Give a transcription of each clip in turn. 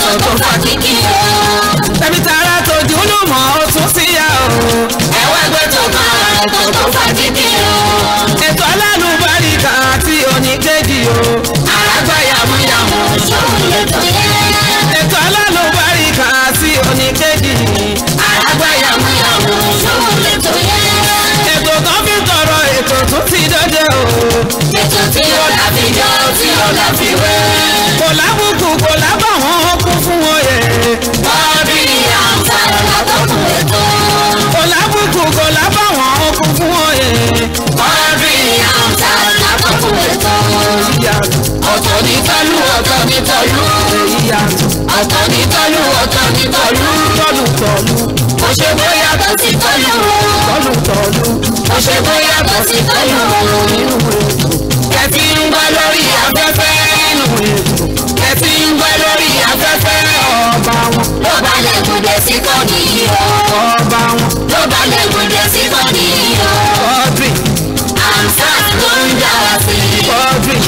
ọ̀tọ̀ tó fà kíkì o. tẹ̀mí tara tó di olùmọ̀ ó tún sí ya o. ẹ̀wọ́ ẹgbẹ́ tó máa ọ̀tọ̀ tó fà kíkì o. ètò alálùbáríkà àti oníkejì o. àràgbá yàmúyàmú ṣòwò lẹ́tọ̀ yẹ. ètò alálùbáríkà àti oníkejì. àràgbá yàmúyàmú ṣòwò lẹ́tọ̀ yẹ. ètò kan fi tọrọ ètò tún ti dọ́jẹ́ o. ètò tí ó láfi jọ tí ó láfi wẹ́. mi tọ́lú ọ̀tọ̀ mi tọ́lú. ọ̀tọ̀ mi tọ́lú ọ̀tọ̀ mi tọ́lú. tọ́lú tọ́lú. kò ṣe bóyá bó ti tọ́lú. tọ́lú tọ́lú. kò ṣe bóyá bó ti tọ́lú. nínú ètò. kẹfì ń gbọ́ lórí afẹ́fẹ́. nínú ètò. kẹfì ń gbọ́ lórí afẹ́fẹ́. ọba wọn. ló balẹ̀ gòdè sí kọ́ni yìí o. ọba wọn. ló balẹ̀ gòdè sí kọ́ni yìí o. ọdún. àǹsà ló ń dára sí i. ọdún.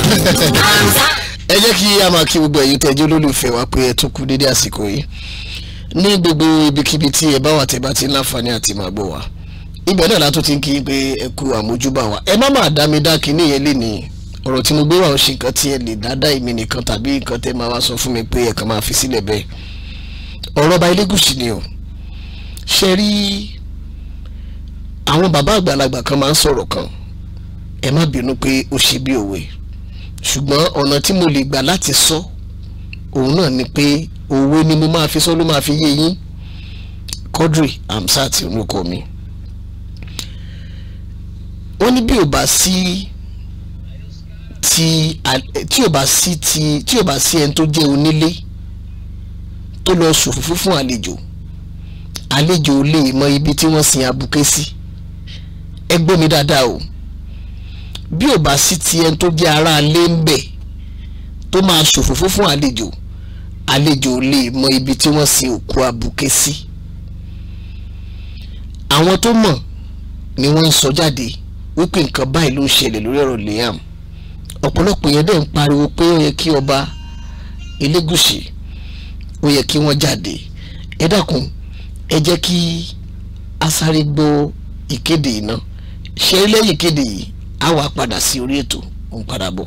àǹsà ẹ jẹ́ kí a máa kí gbogbo ẹ̀yin tẹ́jú olólùfẹ́ wa pé ẹ tún kú dédé àsìkò yìí ní gbogbo ibikíbi tí ẹ bá wà tẹ́ bá ti láǹfààní àti máa gbọ́ wa ibẹ̀ náà látún ti ń kí pé ẹ kú àmójúbà wa ẹ má máa dá mi dá kíní yẹn lé ní ọ̀rọ̀ tí mo gbé wà ó ṣe nǹkan tí ẹ lè dáadáa èmi nìkan tàbí nǹkan tẹ́ máa wá sọ fún mi pé ẹ kàn máa fi sílẹ̀ bẹ́ẹ̀ ọ̀rọ̀ ọba Elégùṣì ni o ṣe rí àwọn bàbá àgbàlagbà kan máa ń sọ̀rọ̀ kan ẹ má bínú pé ó ṣe bí òwe ṣùgbọ́n ọ̀nà tí mo lè gbà láti sọ òun náà ni pé òwe ni mo máa fi sọ ló máa fi yé yín Quadri Hamzat orúkọ mi wọ́n ní bí ò bá sí ti tí ò bá sí ti tí ò bá sí ẹni tó jẹ́ onílé tó lọ ṣòfófó fún àlejò àlejò lè mọ ibi tí wọ́n sin abuké sí ẹ mi dáadáa o. Si bí ò bá sí ti ẹni tó jẹ́ ara lé ń bẹ̀ tó máa ṣòfófó fún àlejò àlejò lè mọ ibi tí wọ́n sin òkú abuké sí àwọn tó mọ̀ ni wọ́n ń sọ jáde wípé nǹkan báyìí ló ń ṣẹlẹ̀ lórí ọ̀rọ̀ Liam ọ̀pọ̀lọpọ̀ yẹn dẹ̀ ń pariwo pé ó yẹ kí ọba Elégùṣì ó yẹ kí wọ́n jáde ẹ dákun ẹ jẹ́ kí a ìkéde iná ṣe lẹ́yìn ìkéde yìí á wá padà sí orí ètò òun padà bọ̀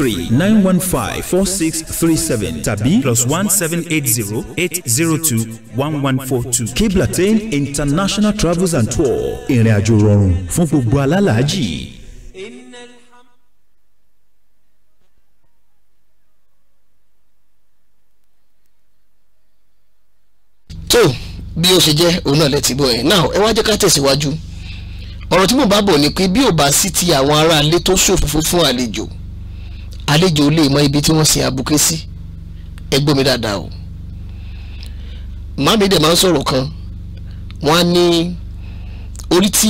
three nine one five four six three seven tàbí plus one seven eight zero eight zero two one one four two. Cape International Travels and Tour ìrìn àjò rọrùn fún gbogbo alálàájì. tó bí ó ṣe jẹ́ òun náà lẹ́tí bọ̀ ẹ̀ náà ẹ wá jẹ́ ká tẹ̀síwájú ọ̀rọ̀ tí mo bá bọ̀ ni pé bí ò bá sí ti àwọn aráalé tó ṣòfófó fún àlejò àlejò lè mọ ibi tí wọ́n sin abuké sí ẹ gbọ́ mi dáadáa o màmí dẹ̀ máa ń sọ̀rọ̀ kan wọ́n á ní orí tí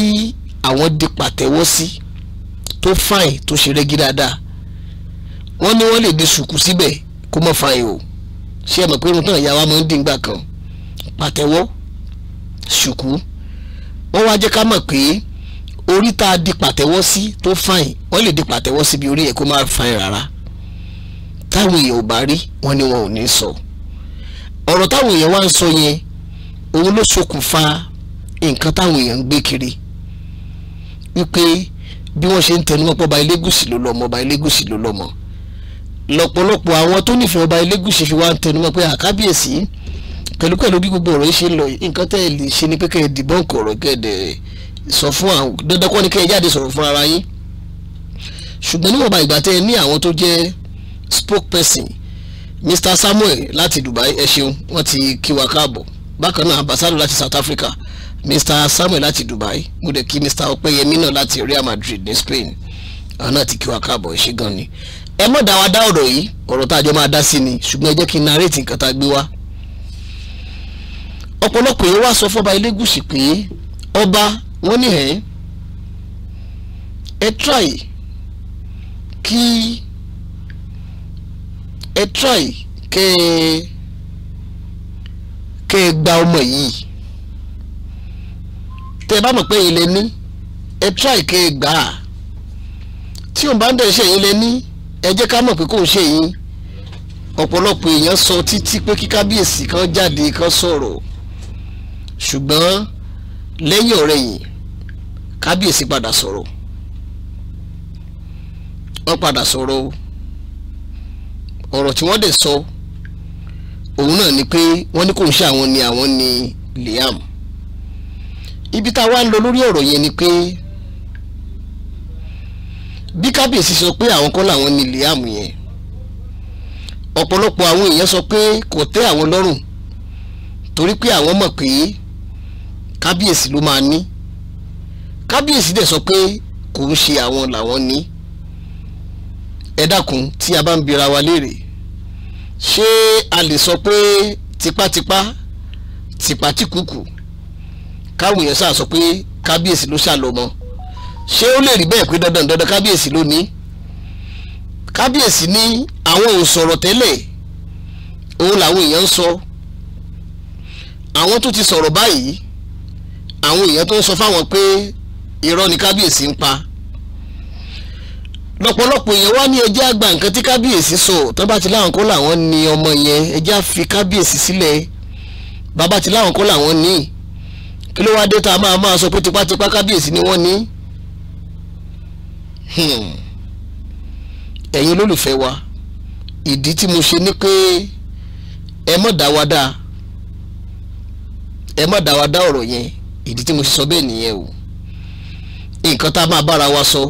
àwọn di pàtẹ́wọ́ sí tó fàìn tó ṣe rẹ́gí dáadáa wọ́n ní wọ́n lè di ṣùkú síbẹ̀ kó mọ̀ fàìn o ṣé ẹ mọ̀ pé irun tán ìyá wa máa ń dín gbà kan pàtẹ́wọ́ ṣùkú wọ́n wá jẹ́ ká mọ̀ pé orí tá a di pàtẹ́wọ́ sí tó fàìn wọ́n lè di pàtẹ́wọ́ síbi orí ẹ̀ kó má fàìn rárá táwọn èèyàn ò bá rí wọn ni wọn ò ní sọ ọ̀rọ̀ táwọn èèyàn wá ń sọ yẹn òun ló ṣokùnfà nǹkan táwọn èèyàn ń gbé kiri wípé bí wọ́n ṣe ń tẹnumọ́ pé ọba Elégùṣì ló lọ́mọ ọba Elégùṣì ló lọ́mọ lọ́pọ̀lọpọ̀ àwọn tó nífẹ̀ẹ́ ọba Elégùṣì fi wá ń tẹnumọ́ pé àkábíyèsí pẹ̀lú bí gbogbo ọ̀rọ̀ yìí ṣe ń lọ nǹkan tẹ́ ẹ lè ṣe ni pé kẹ́ ẹ dìbọ́ǹkì ọ̀rọ̀ kẹ́ ẹ dẹ̀ sọ fún àwọn dandan kọ́ ni kẹ́ ẹ jáde sọ̀rọ̀ fún ara yín ṣùgbọ́n níwọ̀nba ìgbà tẹ́ ẹ ní àwọn tó jẹ́ spokesperson Mr Samuel láti Dubai ẹ ṣeun wọ́n ti kí wa káàbọ̀ bákan náà ambassador láti South Africa Mr Samuel láti Dubai mo dẹ̀ kí Mr Opeyemi náà láti Real Madrid ní Spain àwọn náà ti kí wa káàbọ̀ ẹ ṣe gan ni ẹ mọ̀ dá wa dá ọ̀rọ̀ yìí ọ̀rọ̀ tá a jọ máa dá sí ni ṣùgbọ́n ẹ jẹ́ kí n narrate nǹkan tá a gbé wá ọ̀pọ̀lọpọ̀ yẹn wá sọ fọba Elégùṣì pé ọba wọ́n ní ẹ̀ ẹ try kí ẹ try kẹ kẹ gba ọmọ yìí tẹ bá mọ̀ pé ilé ní ẹ try kẹ gbà á tí òun bá ń dẹ̀ ṣe ilé ní ẹ jẹ́ ká mọ̀ pé kò ń ṣe yín ọ̀pọ̀lọpọ̀ èèyàn sọ títí pé kí kábíyèsí kan jáde kan sọ̀rọ̀ ṣùgbọ́n lẹ́yìn ọ̀rẹ̀yìn kábíyèsí padà sọ̀rọ̀ wọ́n padà sọ̀rọ̀ ọ̀rọ̀ tí wọ́n dẹ̀ sọ òun náà ni pé wọ́n ní kò ń ṣe àwọn ni àwọn ni Liam ibi tá a wá ń lọ lórí ọ̀rọ̀ yẹn ni pé bí kábíyèsí sọ pé àwọn kọ́ làwọn ni Liam yẹn ọ̀pọ̀lọpọ̀ àwọn èèyàn sọ pé kò tẹ́ àwọn lọ́rùn torí pé àwọn mọ̀ pé kábíyèsí ló máa ní kábíyèsí dẹ̀ sọ pé kò ń ṣe àwọn làwọn ní ẹ dákun tí a bá ń bira wa léèrè ṣé a lè sọ pé tipátipá tipátikùkù káwọn èèyàn sáà sọ pé kábíyèsí ló ṣàlọ́mọ ṣé ó lè rí bẹ́ẹ̀ pé dandan dandan kábíyèsí ló ní kábíyèsí ní àwọn ò sọ̀rọ̀ tẹ́lẹ̀ òun làwọn èèyàn ń sọ àwọn tó ti sọ̀rọ̀ báyìí àwọn èèyàn tó ń sọ fáwọn pé irọ́ ni kábíyèsí ń pa lọ́pọ̀lọpọ̀ èèyàn wá ní ẹjẹ́ àgbà nǹkan tí kábíyèsí sọ tán bá ti láwọn kó làwọn ní ọmọ yẹn ẹjẹ́ àfi kábíyèsí sílẹ̀ bàbá ti láwọn kó làwọn ní kí ló wá dé tá a máa máa sọ pé tipátipá kábíyèsí ni wọ́n ní. Hmm. ẹ̀yin olólùfẹ́ wa ìdí tí mo ṣe ni pé ẹ mọ̀ dá wa dá ẹ mọ̀ dá wa dá ọ̀rọ̀ yẹn ìdí tí mo sọ bẹ́ẹ̀ nìyẹn o nǹkan tá a máa bára wa sọ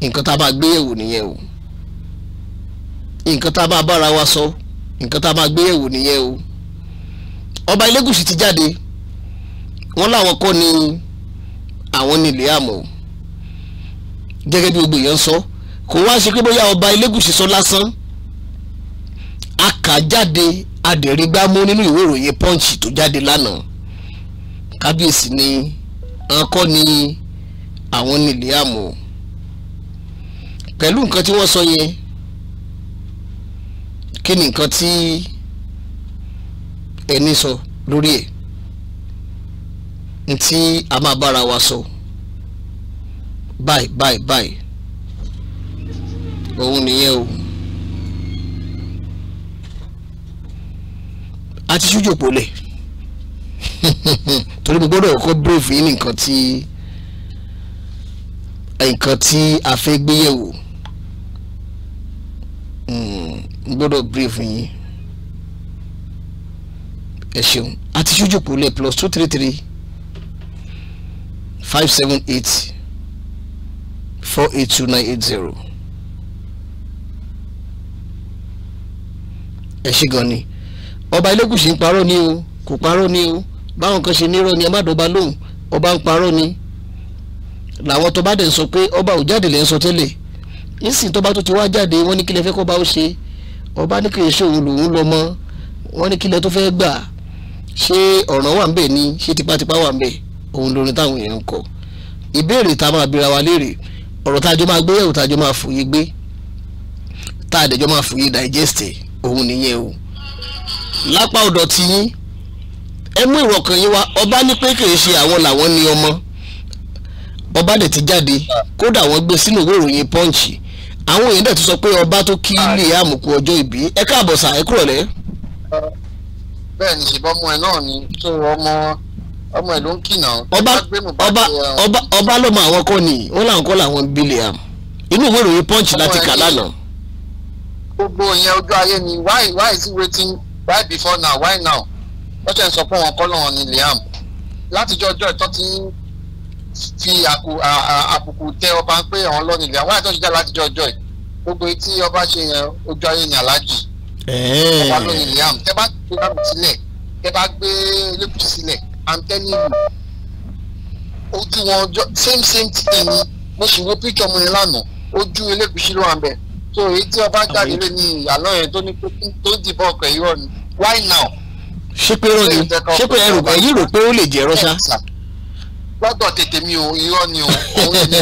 nǹkan tá a máa gbé yẹ̀wò nìyẹn o nǹkan tá a máa bára wa sọ nǹkan tá a máa gbé yẹ̀wò nìyẹn o ọba Elégùṣì ti jáde wọ́n láwọn kọ́ ni àwọn nílé àmọ́ gẹ́gẹ́ bí gbogbo èèyàn sọ kò wá ṣe pé bóyá ọba Elégùṣì sọ lásán a kà nínú ìwé ìròyìn Punch tó jáde lánàá kábíyèsí ni ọkọ ni àwọn ní Liam o pẹ̀lú nǹkan tí wọ́n sọ yẹn kí ni nǹkan tí ẹni sọ lórí ẹ̀ ntí a máa bára wa sọ báyìí báyìí báyìí òun nìyẹn o a ti ṣújò pọ̀lẹ̀ torí mo gbọ́dọ̀ kọ́ brave yín nìkan tí. Tí nǹkan tí a fẹ́ gbé yẹ̀wò n hmm, gbọ́dọ̀ brief yín ẹ ṣeun àti ṣojú kò plus two three three five seven eight four eight two nine eight zero ẹ ṣe gan ni ọba Elégùṣì ń parọ́ ni o kò parọ́ ni o báwọn kan ṣe nírọ́ ni ẹ má dọ̀ba lóhùn ọba ń parọ́ ni làwọn tó bá dẹ̀ sọ pé ọba ò jáde lẹ́ sọ tẹ́lẹ̀ nísìnyí tó bá tó ti wá jáde wọ́n ní kílẹ̀ fẹ́ kó bá ó ṣe ọba ní kì í ṣe òun lòun lọ mọ́ wọ́n ní kílẹ̀ tó fẹ́ gbà ṣé ọ̀ràn wà ń bẹ̀ ni ṣé tipátipá wà ń bẹ̀ òun lórin táwọn èèyàn ń kọ ìbéèrè tá a máa bira wa léèrè ọ̀rọ̀ tá a jọ máa gbé yẹ̀wò tá a jọ máa fòye gbé tá a dẹ̀ jọ máa fòye digeste òun nìyẹn o lápá ọ̀dọ̀ tiyín ẹ mú ìrọ̀kàn yín wá ọba ní pé kì ṣe àwọn làwọn ní ọmọ ọba dẹ̀ ti jáde kódà wọ́n gbé sínú ìwé ìròyìn punch àwọn èèyàn dẹ̀ tún sọ pé ọba tó kí Liam kú ọjọ́ ìbí ẹ káàbọ̀ sà ẹ kúrọ̀lẹ́. bẹ́ẹ̀ ni ṣùgbọ́n ọmọ ẹ náà ni tó ọmọ ọmọ ẹ ló ń kìnà. ọba ọba ọba ọba lọmọ àwọn kọ́ ni ó láwọn kọ́ làwọn bí Liam inú ìwé ìròyìn punch láti kà lánàá. gbogbo ìyẹn ojú ayé ni why why is he waiting why before now why now wọ́n ṣe ń sọ fún wọn kọ́ ni Liam látijọ́ ọjọ́ ìtọ́ fi àbùkù tẹ ọba ń pé àwọn lọ́nà ìlú àwọn àtọ́jú jà láti jọjọ́ ẹ̀ gbogbo etí ọba ṣe yẹn ojú ayé ni aláàjì ọba lọ́nà ìlú àmì tẹ́ bá gbé àmì sílẹ̀ tẹ́ bá gbé olókùn sílẹ̀ àǹtẹ́nì ìlú ojú wọn same same thing ni mo sì wo píkẹ́ ọmọ yẹn lánàá ojú Elégùṣì ló wà ń bẹ̀ so èyí tí ọba jáde lé ní àlọ́ yẹn tó ní tó dìbọn ọkọ̀ yìí rọ̀ ni why now. ṣé pé ẹ̀rù pé ó lè jẹ́ rọ́ṣà lọ́dọ̀ tètè mi o irọ́ ni o òun èmi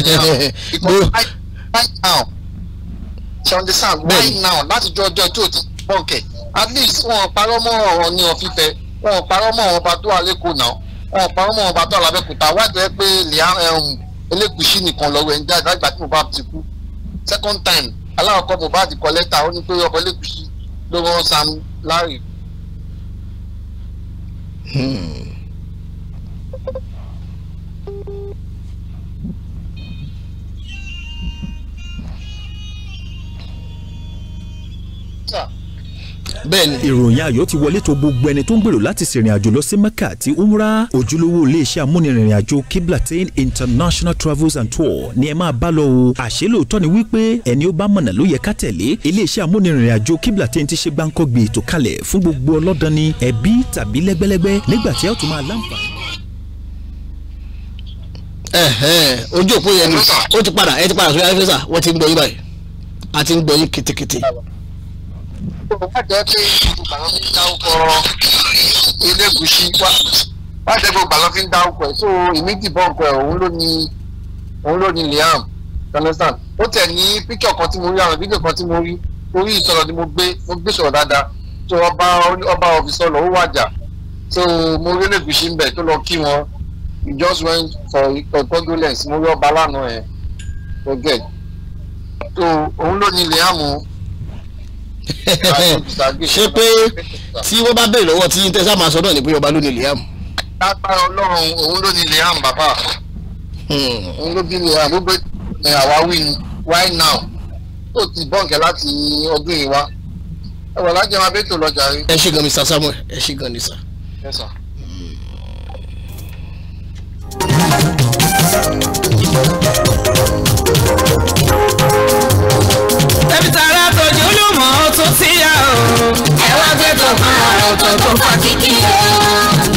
now? because right, right now you understand right now láti jọ ọjọ́ tí o ti bọ̀ǹkẹ̀ at least wọn parọ́ mọ́ ọ̀rọ̀ ní ọ̀fífẹ́ wọn parọ́ mọ́ ọ̀rọ̀ ọba tó alẹ́kọ̀ọ́ náà wọn parọ́ mọ́ ọba tó alábẹ́kúta wájú ẹ pé elékùsí nìkan lọ́wọ́ ẹ̀ ń jáde lágbà tí Mohbad ti kú second time aláwọ̀kọ́ Mohbad kọ lẹ́tà ó ní pé ọkọ̀ elékùsí ló rán Sam Larry. Hmm. bẹ́ẹ̀ni. ìròyìn ayọ̀ ti wọlé tó gbogbo ẹni tó ń gbèrò láti ṣèrìn àjò lọ sí mecca àti umra ojúlówó iléeṣẹ́ amúnirìnrìn àjò kiblatin international travels and tour ni ẹ máa bá lọ o àṣé lóòótọ́ ni wípé ẹni ó bá mọ̀nà ló yẹ ká tẹ̀lé iléeṣẹ́ amúnirìnrìn àjò kiblatin ti ṣe gbáǹkọ́gbé ètò kalẹ̀ fún gbogbo ọlọ́dani ẹbí tàbí lẹ́gbẹ́lẹ́gbẹ́ nígbà tí ẹ ó tún máa láǹfààní ojú òpó yẹn ni ó ti padà ẹ ti padà sórí ayéfẹ́sà wọ́n ti ń gbọ́ yín báyìí a ti ń gbọ́ yín kìtìkìtì gbọ́dọ̀ má pé gbogbo fi ń dárúkọ Elégùṣì wá má jẹ́ gbogbo fi ń dárúkọ so èmi dìbọn ọkọ ló ní òun ló ní Liam understand ó tẹ̀ ní píkọ̀ kan tí mo rí àwọn fídíò kan tí mo rí orí ìsọ̀rọ̀ ni mo gbé mo gbé sọ̀rọ̀ dáadáa so ọba ọba ọ̀fíìsọ̀ lọ́wọ́ wàjà so mo rí Elégùṣì ń bẹ̀ tó lọ kí wọn we just went for a condolence mo rí ọba lánàá ẹ̀ so so òun ló ní Liam ṣé pé tí wọ́n bá béèrè lọ́wọ́ tí yín tẹ́sán máa sọ náà ni pé ọba ló ní Liam. lágbára ọlọ́run òun ló ní Liam bàbá hmm. òun ló bí Liam gbogbo ní àwáwí ni why now tó ti bọ́ǹkẹ́ láti ọdún yìí wá ẹ wọ̀ lájẹ́ máa bẹ́tò lọ́jà rí. ẹ ṣé gan Mr. Samuel ẹ ṣé gan ni sir. Yes, sir. Hmm.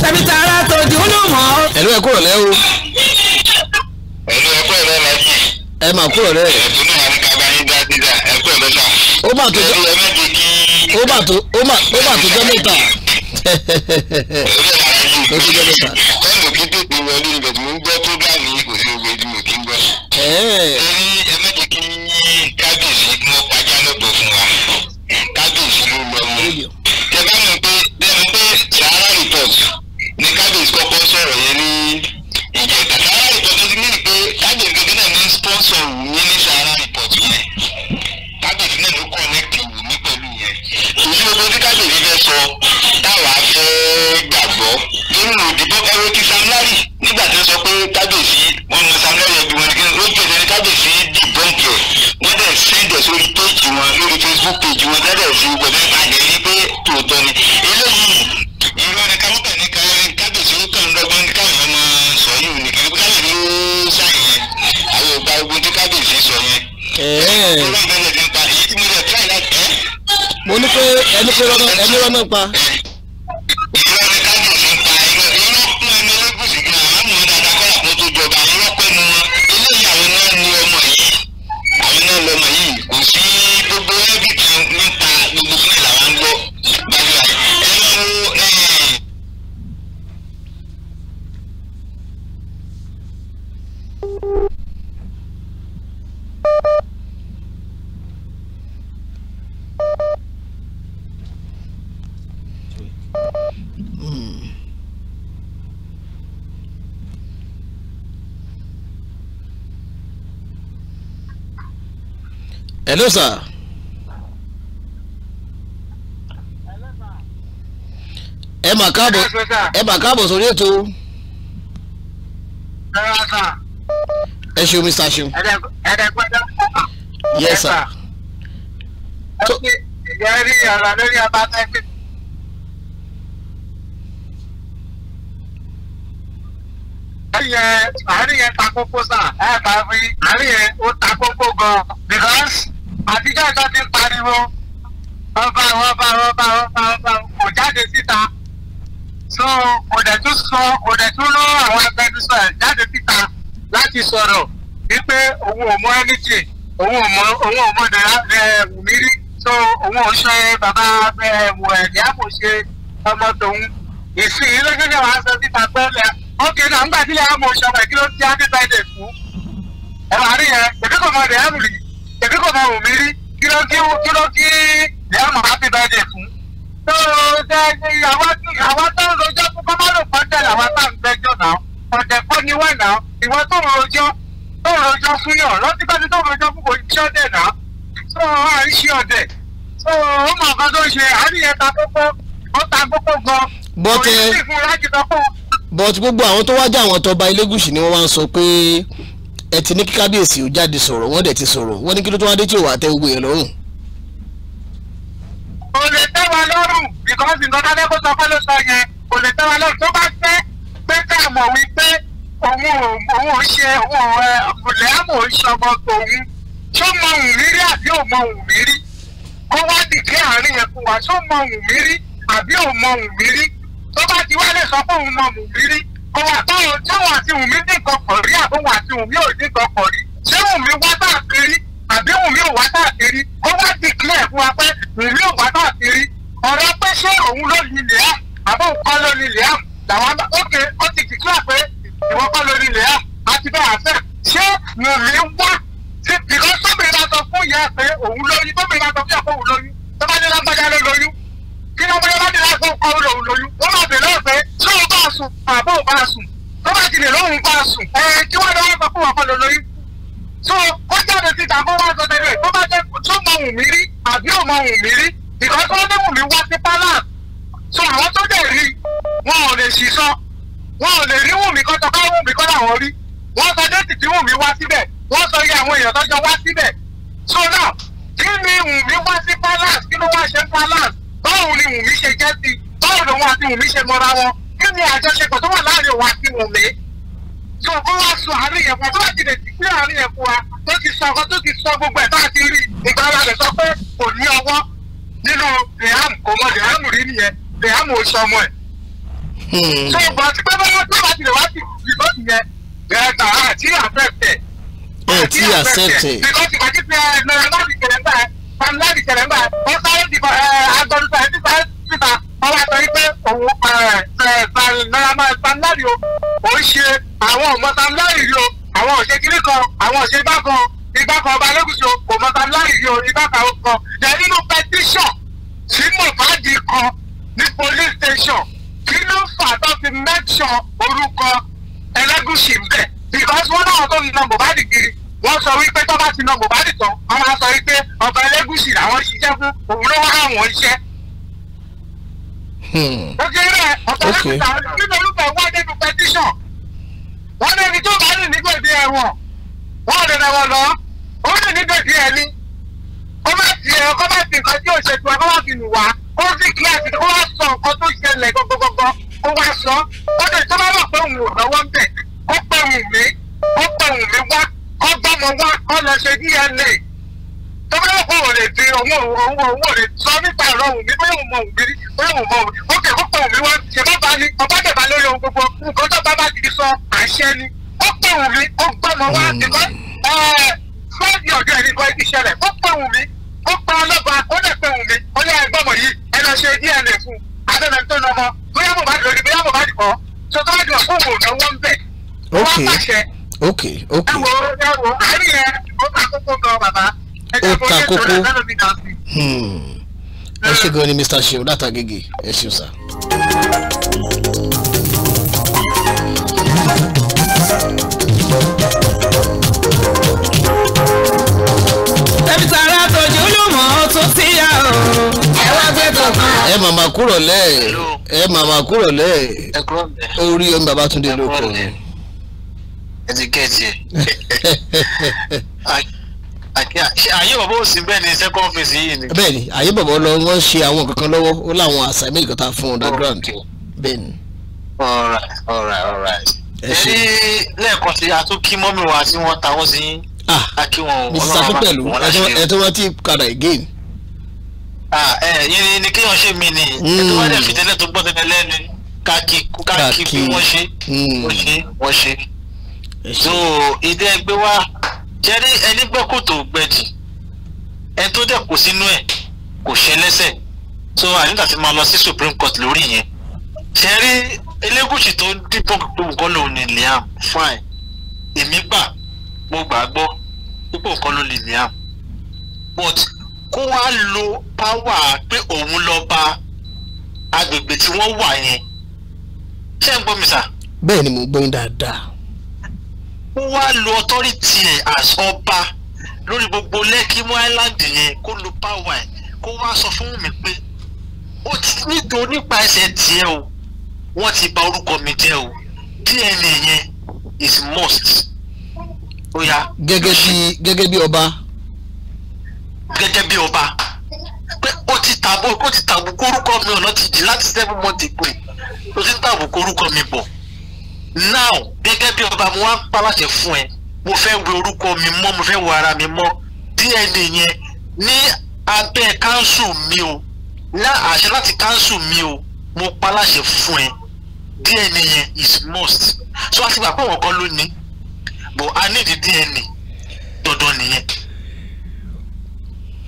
tẹ̀mí tààrà tòjú ló mọ̀. ẹ̀lú ẹ̀kú ọ̀lẹ́ o. ẹ̀lú ẹ̀kú ọ̀lẹ́ láti. ẹ mà kú ọ̀lẹ́. ẹ̀kú náà ní kaba yín dá dídá ẹ̀kú ọ̀lẹ́ sà. ó mà tó jẹ́ ó mà tó ó mà ó mà tó jẹ́ mẹ́ta. ó tó jẹ́ mẹ́ta. kọ́ńtò kí tètè wọlé ibẹ̀ mò ń gbọ́ tó bá mi kò sí ibẹ̀ tí mo ti ń gbọ́. hello sir. ẹ mà káàbọ̀ ẹ mà káàbọ̀ sórí ètò. ẹ ṣeun mr ṣeun. yes sir. ìyá rí ọ̀rọ̀ lórí ọba tẹ́sí. àárín yẹn àárín yẹn ta kókó sáà ẹ̀ẹ́dàá fi àárín yẹn ó ta kókó gan-an because àtijọ́ ìjọ ti ń pariwo ọba ọba ọba ọba ọba kò jáde síta so kò dẹ̀ tún sọ kò dẹ̀ tún lọ àwọn agbẹnusọ ẹ̀ jáde síta láti sọ̀rọ̀ wípé òun ò mọ anything òun ò mọ òun ò mọ Wùmí rí so òun ò ṣe bàbá ẹ̀dí àpò ṣe ọmọ tòun ìsìn lójúlé wàá sọ síta pẹ́ẹ́lẹ̀ ókè náà ń gbàdúrà àmọ̀ ìṣọ̀bẹ̀ kí ló ti á dé báyìí dẹ̀ fún ẹ̀ wà rí yẹn èmi kò mọ ẹ̀dí àmì rí èmi kò mọ òun mi rí kí ló kí kí ló kí ìyá màmá fi bẹ́ẹ̀ dé fún. tó o ṣe àwa tó ń rojọ́ fún kọ́mọ́rò pọ́ńtẹ̀ làwa tá à ń gbẹ́jọ́ náà ọ̀dẹ̀ kọ́ ni wọ́n náà ìwọ tó ń rojọ́ tó ń rojọ́ fún yàn lọ́sibẹ́sí tó ń rojọ́ fún kò ní ṣe ọ̀dẹ̀ náà tó o à ń ṣe ọ̀dẹ̀ tó o mọ̀ nǹkan tó ṣe àríyẹn ta kókó ó ta kókó gan bọ́tẹ́ eh, bọ́tẹ́ gbogbo àwọn tó wájà àwọn tọba Elégùṣì ni wọ́n wá ń sọ pé ẹ ti ní kí kábíyèsí ó jáde sọ̀rọ̀ wọ́n dẹ̀ ti sọ̀rọ̀ wọ́n ní kí ló tó wá dé tí ò wá tẹ́ gbogbo yẹn lọ́rùn. kò lè tẹ́ wa lọ́rùn because nǹkan tó fẹ́ kó sọ fẹ́ ló sọ yẹn kò lè tẹ́ wa lọ́rùn tó bá fẹ́ pé ká mọ̀ wípé òun ò òun ò ṣe òun ò ẹ ọ̀pọ̀lẹ́ àmọ̀ ò ṣe ọmọ tòun tó mọ òun rírí àbí ò mọ òun rírí kó wá dìde àárín yẹn fún wa tó mọ òun rírí àbí ò mọ òun rírí tó bá ti wá sọ fún òun mọ òun rírí òun àtọ́run tí òun àti Wùmí dín nǹkan pọ̀ rí àbóhun àti Wùmí ò dín nǹkan pọ̀ rí ṣé Wùmí wá káàkiri àbí Wùmí ò wá káàkiri ó wá declare fún wa pé Wùmí ò wá káàkiri ọ̀rọ̀ pé ṣé òun ló ní ilé à àbó nǹkan ló ní ilé à làwọn bá ókè ó ti declare pé ìwọ kọ́ ló ní ilé à àti bẹ́ẹ̀ àfẹ́ ṣé Wùmí wá sí bìkọ́ sọ́bìnrin bá fún ìyá pé òun lóyún sọ́bìnrin bá fún ìyá pé òun lóyún kí wọ́n bóyá láti láti fún ọmọ lòun lóyún wọ́n máa bèèrè náà pé ṣé bá sùn àbó bá sùn tó bá ti lè bá sùn ẹ kí wọ́n lọ́wọ́ sọ fún ọkọ lòun lóyún. so ó jáde síta fún wọn sọ tẹ́lẹ̀ tó bá jẹ́ tó mọ ohun mi rí àbí ò mọ ohun mi rí ìkọ́ tó ní wù mí wá sí pálá so àwọn tó dẹ̀ rí wọn ò lè ṣìṣọ wọn ò lè rí wù mí kọ́tọ̀ ká wù mí kọ́ làwọn rí wọ́n sọ déètì tí wù mí wá síbẹ̀ wọ́n sọ iye àwọn èèyàn tó jọ wá síbẹ̀ so now kí ni wù mí wá sí palace kí ló wá ṣe palace ẹ̀sìn báwo lòun àti wùmí ṣe mọra wọn kí ni àjọṣepọ̀ tó wà láàrin òun àti wùmí tó kó wá sọ àárín yẹn fún wa tó bá ti lè ti sí àárín yẹn fún wa tó ti sọ ọkọ tó ti sọ gbogbo ẹ̀ tó àti rí ìgbà ara rẹ̀ sọ pé kò ní ọwọ́ nínú reham kò mọ reham rí nìyẹn reham ò sọ ọmọ ẹ̀. tó o gbọ́ ti pé báwo tó bá ti lè wá sí ìbọn yẹn gẹ̀ẹ́ta àti àfẹ́fẹ́ àti àfẹ́fẹ́ because ìgbà tí ẹ láti kẹrẹ́ńbà láti síta wọ́n wá sọ wípé òun Naira Sam Larry o òun ṣe àwọn ọmọ Sam Larry rí o àwọn òṣè kiri kan àwọn òṣè bá kan igbá kan ọba lẹ́gùsì o kò mọ Sam Larry rí o igbá kan ó kan jẹ́ nínú pẹtíṣàn tí Mohbad kan ní police station kí ló fà tó fi mẹ́tọ̀ orúkọ ẹlẹ́gùsì bẹ̀ because wọ́n náà tó fi na Mohbad kiri wọ́n sọ wípé tó bá ti na Mohbad tán wọ́n máa sọ wípé ọba ẹlẹ́gùsì làwọn ṣiṣẹ́ fún òun ló wá àwọn iṣẹ́ òkè hmm. rẹ̀ ọ̀tọ̀lẹ́kùtà wà nínú petition wọ́n ní ẹni tó bá rìn nígbà tí ẹ̀wọ̀n wọ́n dẹ̀dẹ̀ wọ̀ lọ ó rìn nígbà tí ẹ̀ ní kó má ti ẹ̀ kó má ti nǹkan tí ò ṣe tu ẹ̀ kó má ti nù wá kó sì kí àti kó wá sọ nǹkan tó ṣẹlẹ̀ gbọgbọgbọ kó wá sọ ó dẹ̀ tó bá wà pé òun ò lọ́wọ́ ń bẹ̀ kó pẹ̀ wù mí kó pẹ̀ wù mí wá kó gbọ́mọ wá kó lọ ṣe DNA tó bá wọn lè di òun òun òun ò sọ nípa ọ̀rọ̀ òun mi bóyá òun mọ òun mi òun mọ òun ókè púpọ̀ òun wá ṣe bá ba ọba dẹ̀ bá lórí ohun gbogbo nǹkan tó bá bá ti sọ àṣẹ ni ó pè òun mi ó gbọ́ mọ wá hmm. ṣùgbọ́n fúlọ́ọ̀dì ọ̀dọ́ ẹ̀rí kan ti ṣẹlẹ̀ ó pè òun mi ó pa ọlọ́ba ó dẹ̀ pè òun mi ó ní àìgbọ́mọ̀ yìí ẹ lọ ṣe DNA fún adẹ́nà tó nà bóyá mo bá dùn ní bóyá mo bá dùn kọ́ tó tó bá dùn fún òun náà wọ́n bẹ̀ wọ́n pàṣẹ. ẹ wo ẹ wo àárín yẹn ó kà kókó gan bàbá ó ta kókó ẹ hmm. ṣe gan ni mr seun látàgègè ẹ ṣeun sá. ẹ wá gbé tọ̀kan. lẹ́ẹ̀ ẹ màmá kúrò lẹ́ẹ̀ orí omi Babátúndé ló ni. ẹ ti kẹ́ ẹ tiẹ̀. àyè bàbá ò sí bẹ́ẹ̀ bàbá lọ wọ́n ṣe àwọn kankan lọ́wọ́ ó láwọn assignment kan tá a fún underground bẹ́ẹ̀ ni. alright alright alright. lẹ́ẹ̀kan sí a tún kí mọ́mí wa tí wọ́n ta wọ́n sí yín. ah mrs akínpẹ̀lú ẹ tó wá tí padà again. ẹ yín ni kéèyàn ṣe mí ni ẹ tó wá dẹ̀ fi tẹ́lẹ̀ tó gbọ́ tẹ́lẹ̀ lẹ́nu káàkiri káàkiri bí wọ́n ṣe wọ́n ṣe wọ́n ṣe. so ìdẹ́ gbé ṣẹ́rí ẹni gbọ́ kò tó gbẹ̀jì ẹni tó dẹ̀ kó sínú ẹ̀ kò ṣe lẹ́sẹ̀ so àyíǹda ti máa lọ sí Supreme Court lórí yẹn ṣẹ́rí Elégùṣì tó dìbò gbogbo nǹkan lòun ní Liam fine èmi gbà mo gbà gbọ́ gbogbo nǹkan ló ní Liam but kó wá lo power pé òun lọ ba agbègbè tí wọ́n wà yẹn ṣé ń gbọ́ mi sà. bẹ́ẹ̀ ni mo gbọ́ dáadáa ó wá lo authority ẹ̀ as ọba lórí gbogbo lẹ́kí mọ́ island yẹn kó lo power ẹ̀ kó wá sọ fún mi pé ó ti nítorí nípa ẹsẹ̀ tiẹ̀ o wọ́n ti bà orúkọ mi jẹ́ o DNA yẹn is must ó yá. gẹ́gẹ́ bí gẹ́gẹ́ bí ọba. gẹ́gẹ́ bí ọba pé ó ti tàbùkù orúkọ mi ọ̀nà ti jì láti seven months ago ó ti tàbùkù orúkọ mi bọ̀ now gẹ́gẹ́ bí ọba mo wá ń paláṣẹ fún ẹ mo fẹ́ wẹ orúkọ mi mọ́ mo fẹ́ wọ ara mi mọ́ dna yẹn ní abẹ́ kánsù mi o ní àṣẹ láti kánsù mi o mo paláṣẹ fún ẹ dna yẹn is must so a ti gbà pé òun kan ló ní but i need dna dandan nìyẹn.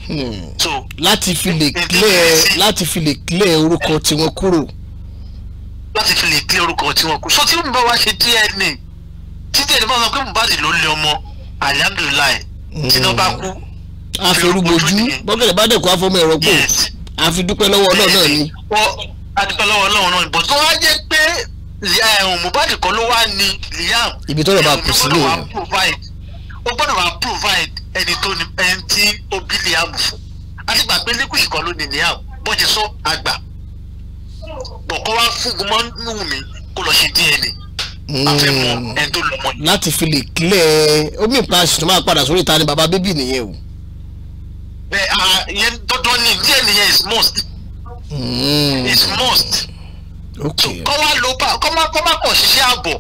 Hmm. so láti fi lè clear láti fi lè clear orúkọ tiwọn kúrò láti fi lè clear orúkọ tí wọn kú so tí mo bá wá ṣe DNA tí DNA bá sọ pé Mohbad ló lé ọmọ alihamdulilayi tí náà bá kú. àforúgbojú bọ́kẹ̀lẹ̀ bá dẹ̀kọ́ afọmọ ẹ̀rọ pò àfi dúpẹ́ lọ́wọ́ Ọlọ́run náà ni. adúpẹ́ lọ́wọ́ Ọlọ́run náà ni bọ̀ tó wá jẹ́ pé Mohbad kan ló wá ní Liam. ibi tó lọ bá kù sílò. ó gbọ́dọ̀ wá provide ẹni tó ní ẹni tí ó bí Liam fún àti gbàgbé lẹ́kùsì kan ló Liam bó ti sọ àgbà bọ̀kọ́ wá fúgun mọ́ nù mí kó lọ ṣe DNA hmm. láti fi lè kílẹ̀ omi ìpa ṣùgbọ́n máa padà sórí ìta ni bàbá bébì nìyẹn o. bẹ́ẹ̀ a yẹn dọdọ ni díẹ̀ nìyẹn is must. Hmm. is must. kọ́ wá ló bá kọ́ má kọ́ má kọ̀ ṣiṣẹ́ ààbọ̀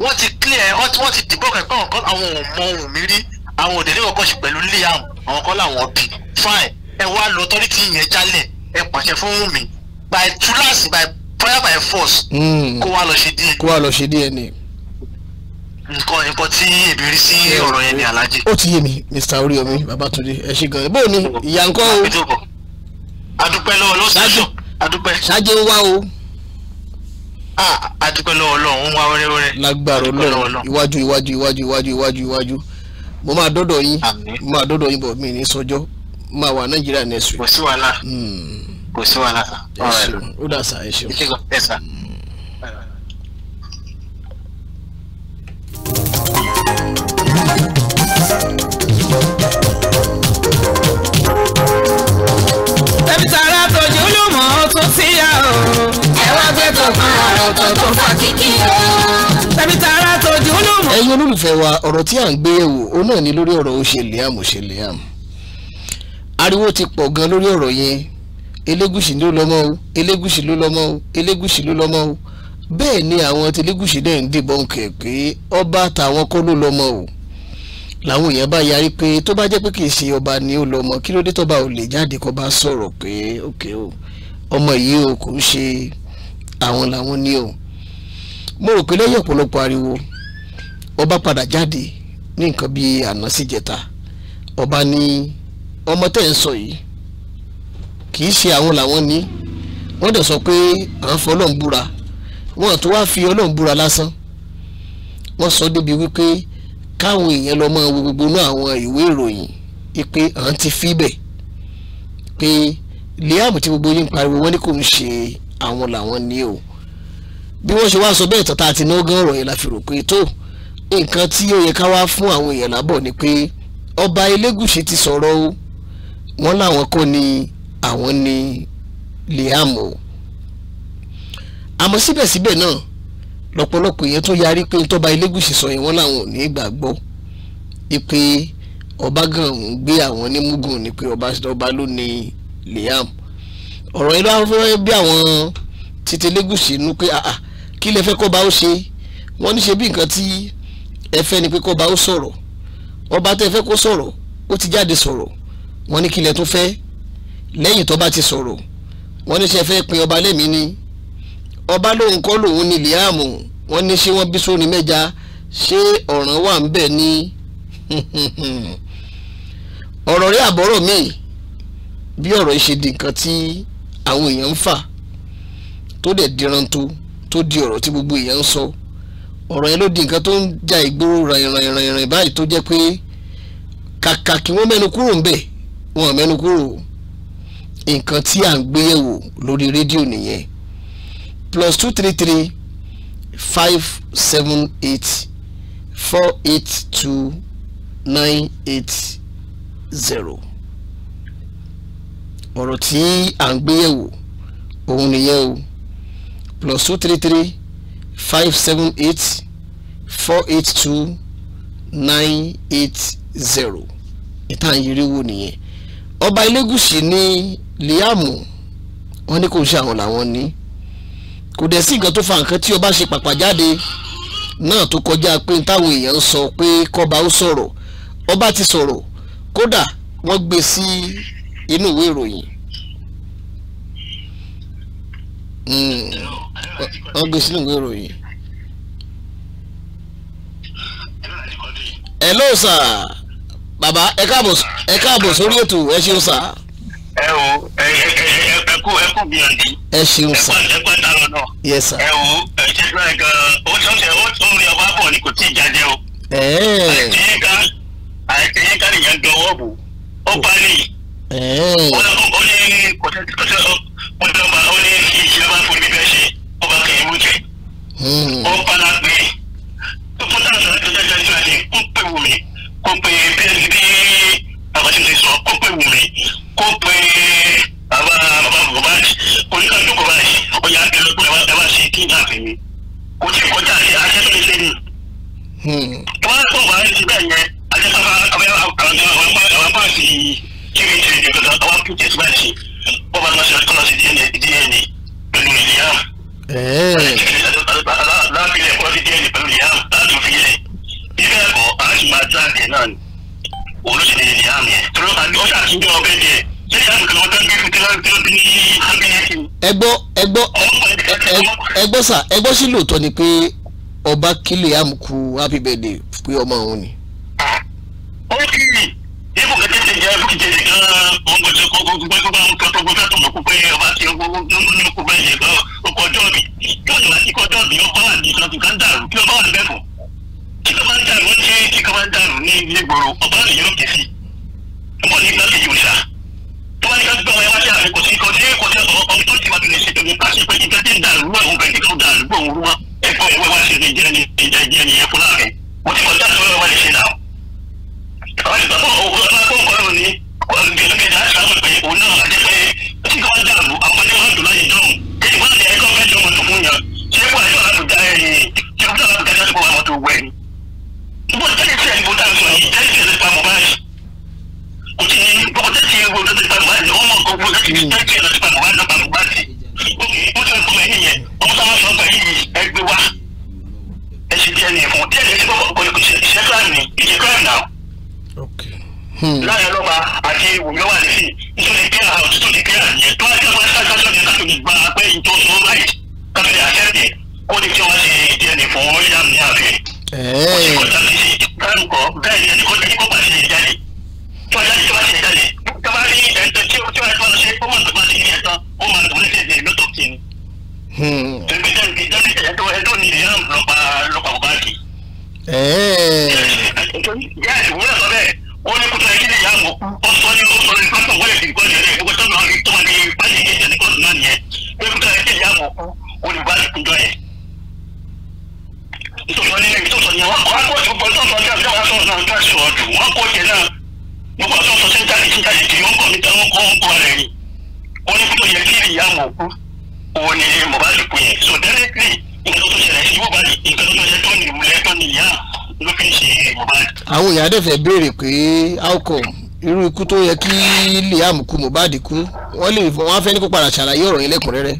wọ́n ti clear wọ́n ti dìbò kankan kan àwọn ọmọ ohun mi rí àwọn òde níwọ̀n kan ṣe pẹ̀lú liam àwọn kan làwọn bí fine ẹ wá lọ tọ́lítì yẹn jálẹ̀ ẹ pàṣẹ fún mi by two last by fire by force. Hmm. kó wá lọ ṣe DNA. kó wá lọ ṣe DNA. nǹkan nǹkan tí èmi rí sí ọ̀rọ̀ yẹn ni alájì. ó ti yé mi Mr. Oríyọmí Babátúndé ẹ ṣe gan-an bó o ní ìyá ńkọ́ o. adúpẹ́ lọ́wọ́ lọ́sọ̀ọ̀sọ̀ adúpẹ́. ṣáájú ń wá o. adúpẹ́ lọ́wọ́ Ọlọ́run ń wá wẹ́rẹ́wẹ́rẹ́. lágbára Ọlọ́run iwájú iwájú iwájú iwájú iwájú iwájú mo máa dọ́dọ̀ yín mo máa dọ́dọ̀ yín bọ̀ mí ní sọjọ́ máa wà Nàìjíríà next week. kò sí wàhálà. Hmm kò mm. sí wàhálà ọ̀rọ̀ ẹ̀ ó dà sá ẹ ṣeun. ẹ sá. ẹbí tààrà tọjú olúmọ tó ti yá o. ẹ wá gbé tọkàn ọ̀rọ̀ tó tó fà kíkì o. ẹbí tààrà tọjú olúmọ. ẹ̀yin olólùfẹ́ wa ọ̀rọ̀ tí à ń gbé yẹ̀wò ó náà ní lórí ọ̀rọ̀ ó ṣe Liam ariwo ti pọ̀ gan lórí ọ̀rọ̀ yẹn Elégùṣì ló lọ́mọ o Elégùṣì ló lọ́mọ o Elégùṣì ló lọ́mọ o bẹ́ẹ̀ ni àwọn ti Elégùṣì náà ń dìbọn kẹ̀ pé ọba tàwọn kọ́ ló lọ́mọ o làwọn èèyàn bá yarí pé tó bá jẹ́ pé kì í ṣe ọba ni ó lọ́mọ kí ló dé tọ́ba ò lè jáde kó bá pé òkè o ọmọ yìí o kò ń ṣe àwọn làwọn ní o mo rò pé lẹ́yìn ọ̀pọ̀lọpọ̀ ariwo ọba padà jáde ní nǹkan bíi àná síjẹta ọba ní ọmọ tẹ́ ń sọ yìí kì í ṣe àwọn làwọn ní wọ́n dẹ̀ sọ pé à ń fọ ọlọ́run búra wọ́n tún wá fi ọlọ́run búra lásán wọ́n sọ débi wípé káwọn èèyàn lọ máa wo gbogbo náà àwọn ìwé ìròyìn pé à ń ti fi bẹ̀ pé Liam tí gbogbo yín pariwo wọ́n ní kò ń ṣe àwọn làwọn ní o bí wọ́n ṣe wá sọ bẹ́ẹ̀ tọ́ta àti nọ́gán ọ̀rọ̀ yẹn la fi rò pé tó nǹkan tí ó yẹ ká wá fún àwọn èèyàn lábọ̀ ni pé ọba Elégùṣì ti sọ̀rọ̀ o wọ́n láwọn kò ní àwọn ni Liam o àmọ́ síbẹ̀síbẹ̀ náà lọ́pọ̀lọpọ̀ èèyàn tó yarí pé tọ́ba Elégùṣì sọ yẹn wọ́n làwọn ò ní gbàgbọ́ pé ọba ń gbé àwọn ní ni pé ọba ló ní Liam ọ̀rọ̀ yẹn ló fẹ́ bí àwọn títí Elégùṣì nu pé àà kí lè fẹ́ kọ́ba ó ṣe wọ́n ní ṣe bí nǹkan tí ẹ fẹ́ ni pé kọ́ba ó sọ̀rọ̀ ọba tẹ́ fẹ́ kó sọ̀rọ̀ ó ti jáde sọ̀rọ̀ wọ́n ní kí lè tún fẹ́ lẹ́yìn tó bá ti sọ̀rọ̀ wọ́n ní ṣe fẹ́ pin ọba lémi ni ọba lóun kọ́ lòun ni Liam wọ́n ní ṣé wọ́n bí sóni mẹ́ja ṣé ọ̀ràn wà ń bẹ̀ ni ọ̀rọ̀ rí àbọ̀rọ̀ míì bí ọ̀rọ̀ yìí ṣe di nǹkan tí àwọn èèyàn ń fà tó dẹ̀ diran tó tó di ọ̀rọ̀ tí gbogbo èèyàn ń sọ ọ̀rọ̀ yẹn ló di nǹkan tó ń ja ìgboro ràìnràìnràìn báyìí tó jẹ́ pé kàkà kí wọ́n mẹ́nu kúrò ń bẹ̀ wọ́n mẹ́nu kúrò nǹkan tí à ń gbé yẹ̀wò lórí rédíò nìyẹn plus two three three five seven eight four eight two nine eight zero ọ̀rọ̀ tí à ń gbé yẹ̀wò òun nìyẹn o plus two three three five seven eight four eight two nine eight zero ìtàn yìí rí wò nìyẹn ọba elégùsì ní Liamu wọ́n ní kò ṣe àwọn làwọn ní kò dẹ̀ sí nǹkan tó fa nǹkan tí ọba ṣe pàpà jáde náà tó kọjá pé táwọn èèyàn ń sọ pé kọba ó sọ̀rọ̀ ọba ti sọ̀rọ̀ kódà wọ́n gbé sí inú ìwé ìròyìn hmm, wọ́n gbé sínú ìwé ìròyìn. hello sir bàbá ẹ káàbọ̀ sórí ètò ẹ ṣeun sir ẹ o ẹ ẹ ẹ ẹ kú ẹ kú gbìyànjú. ẹ ṣeun sàn ẹ kú ẹ tààrọ náà. yẹ sàn. ẹ o ẹ ṣe fún ẹ gan o tó ṣe o tó rí ọba bọ̀ ni kò tí ì jáde o. àìsíyínká àìsíyínká nìyẹn dọwọ́ bò ó parí. ó ní sà ẹgbọ́n sí lóòótọ́ ni pé ọba kílè amukú happy birthday pé ọmọ òun ni. ó kì í ibù kẹtẹ ti jẹ fún ìjẹsì kan òun kò sí kókó gbogbo bá ń kọ tó gbogbo àtọmọ kó pé ọba ti ọgbó ní kó bá yẹ kọ ọkọ ọjọ́ mi yóò ní láti kọ ọjọ́ mi ọba wà ní ìsọtún kan dàrú kí ọba wà ní bẹ́ẹ̀ fún kí ọba ń dàrú ó jẹ́ kí ọba ń dàrú ní ilé ìgboro ọba nìyẹn ó kẹsì ikú tó yẹ kí Liam kú Mohbad kú wọ́n lè wọ́n á ní kó padà ṣàlàyé ọ̀rọ̀ yẹn lẹ́kùnrẹ́rẹ́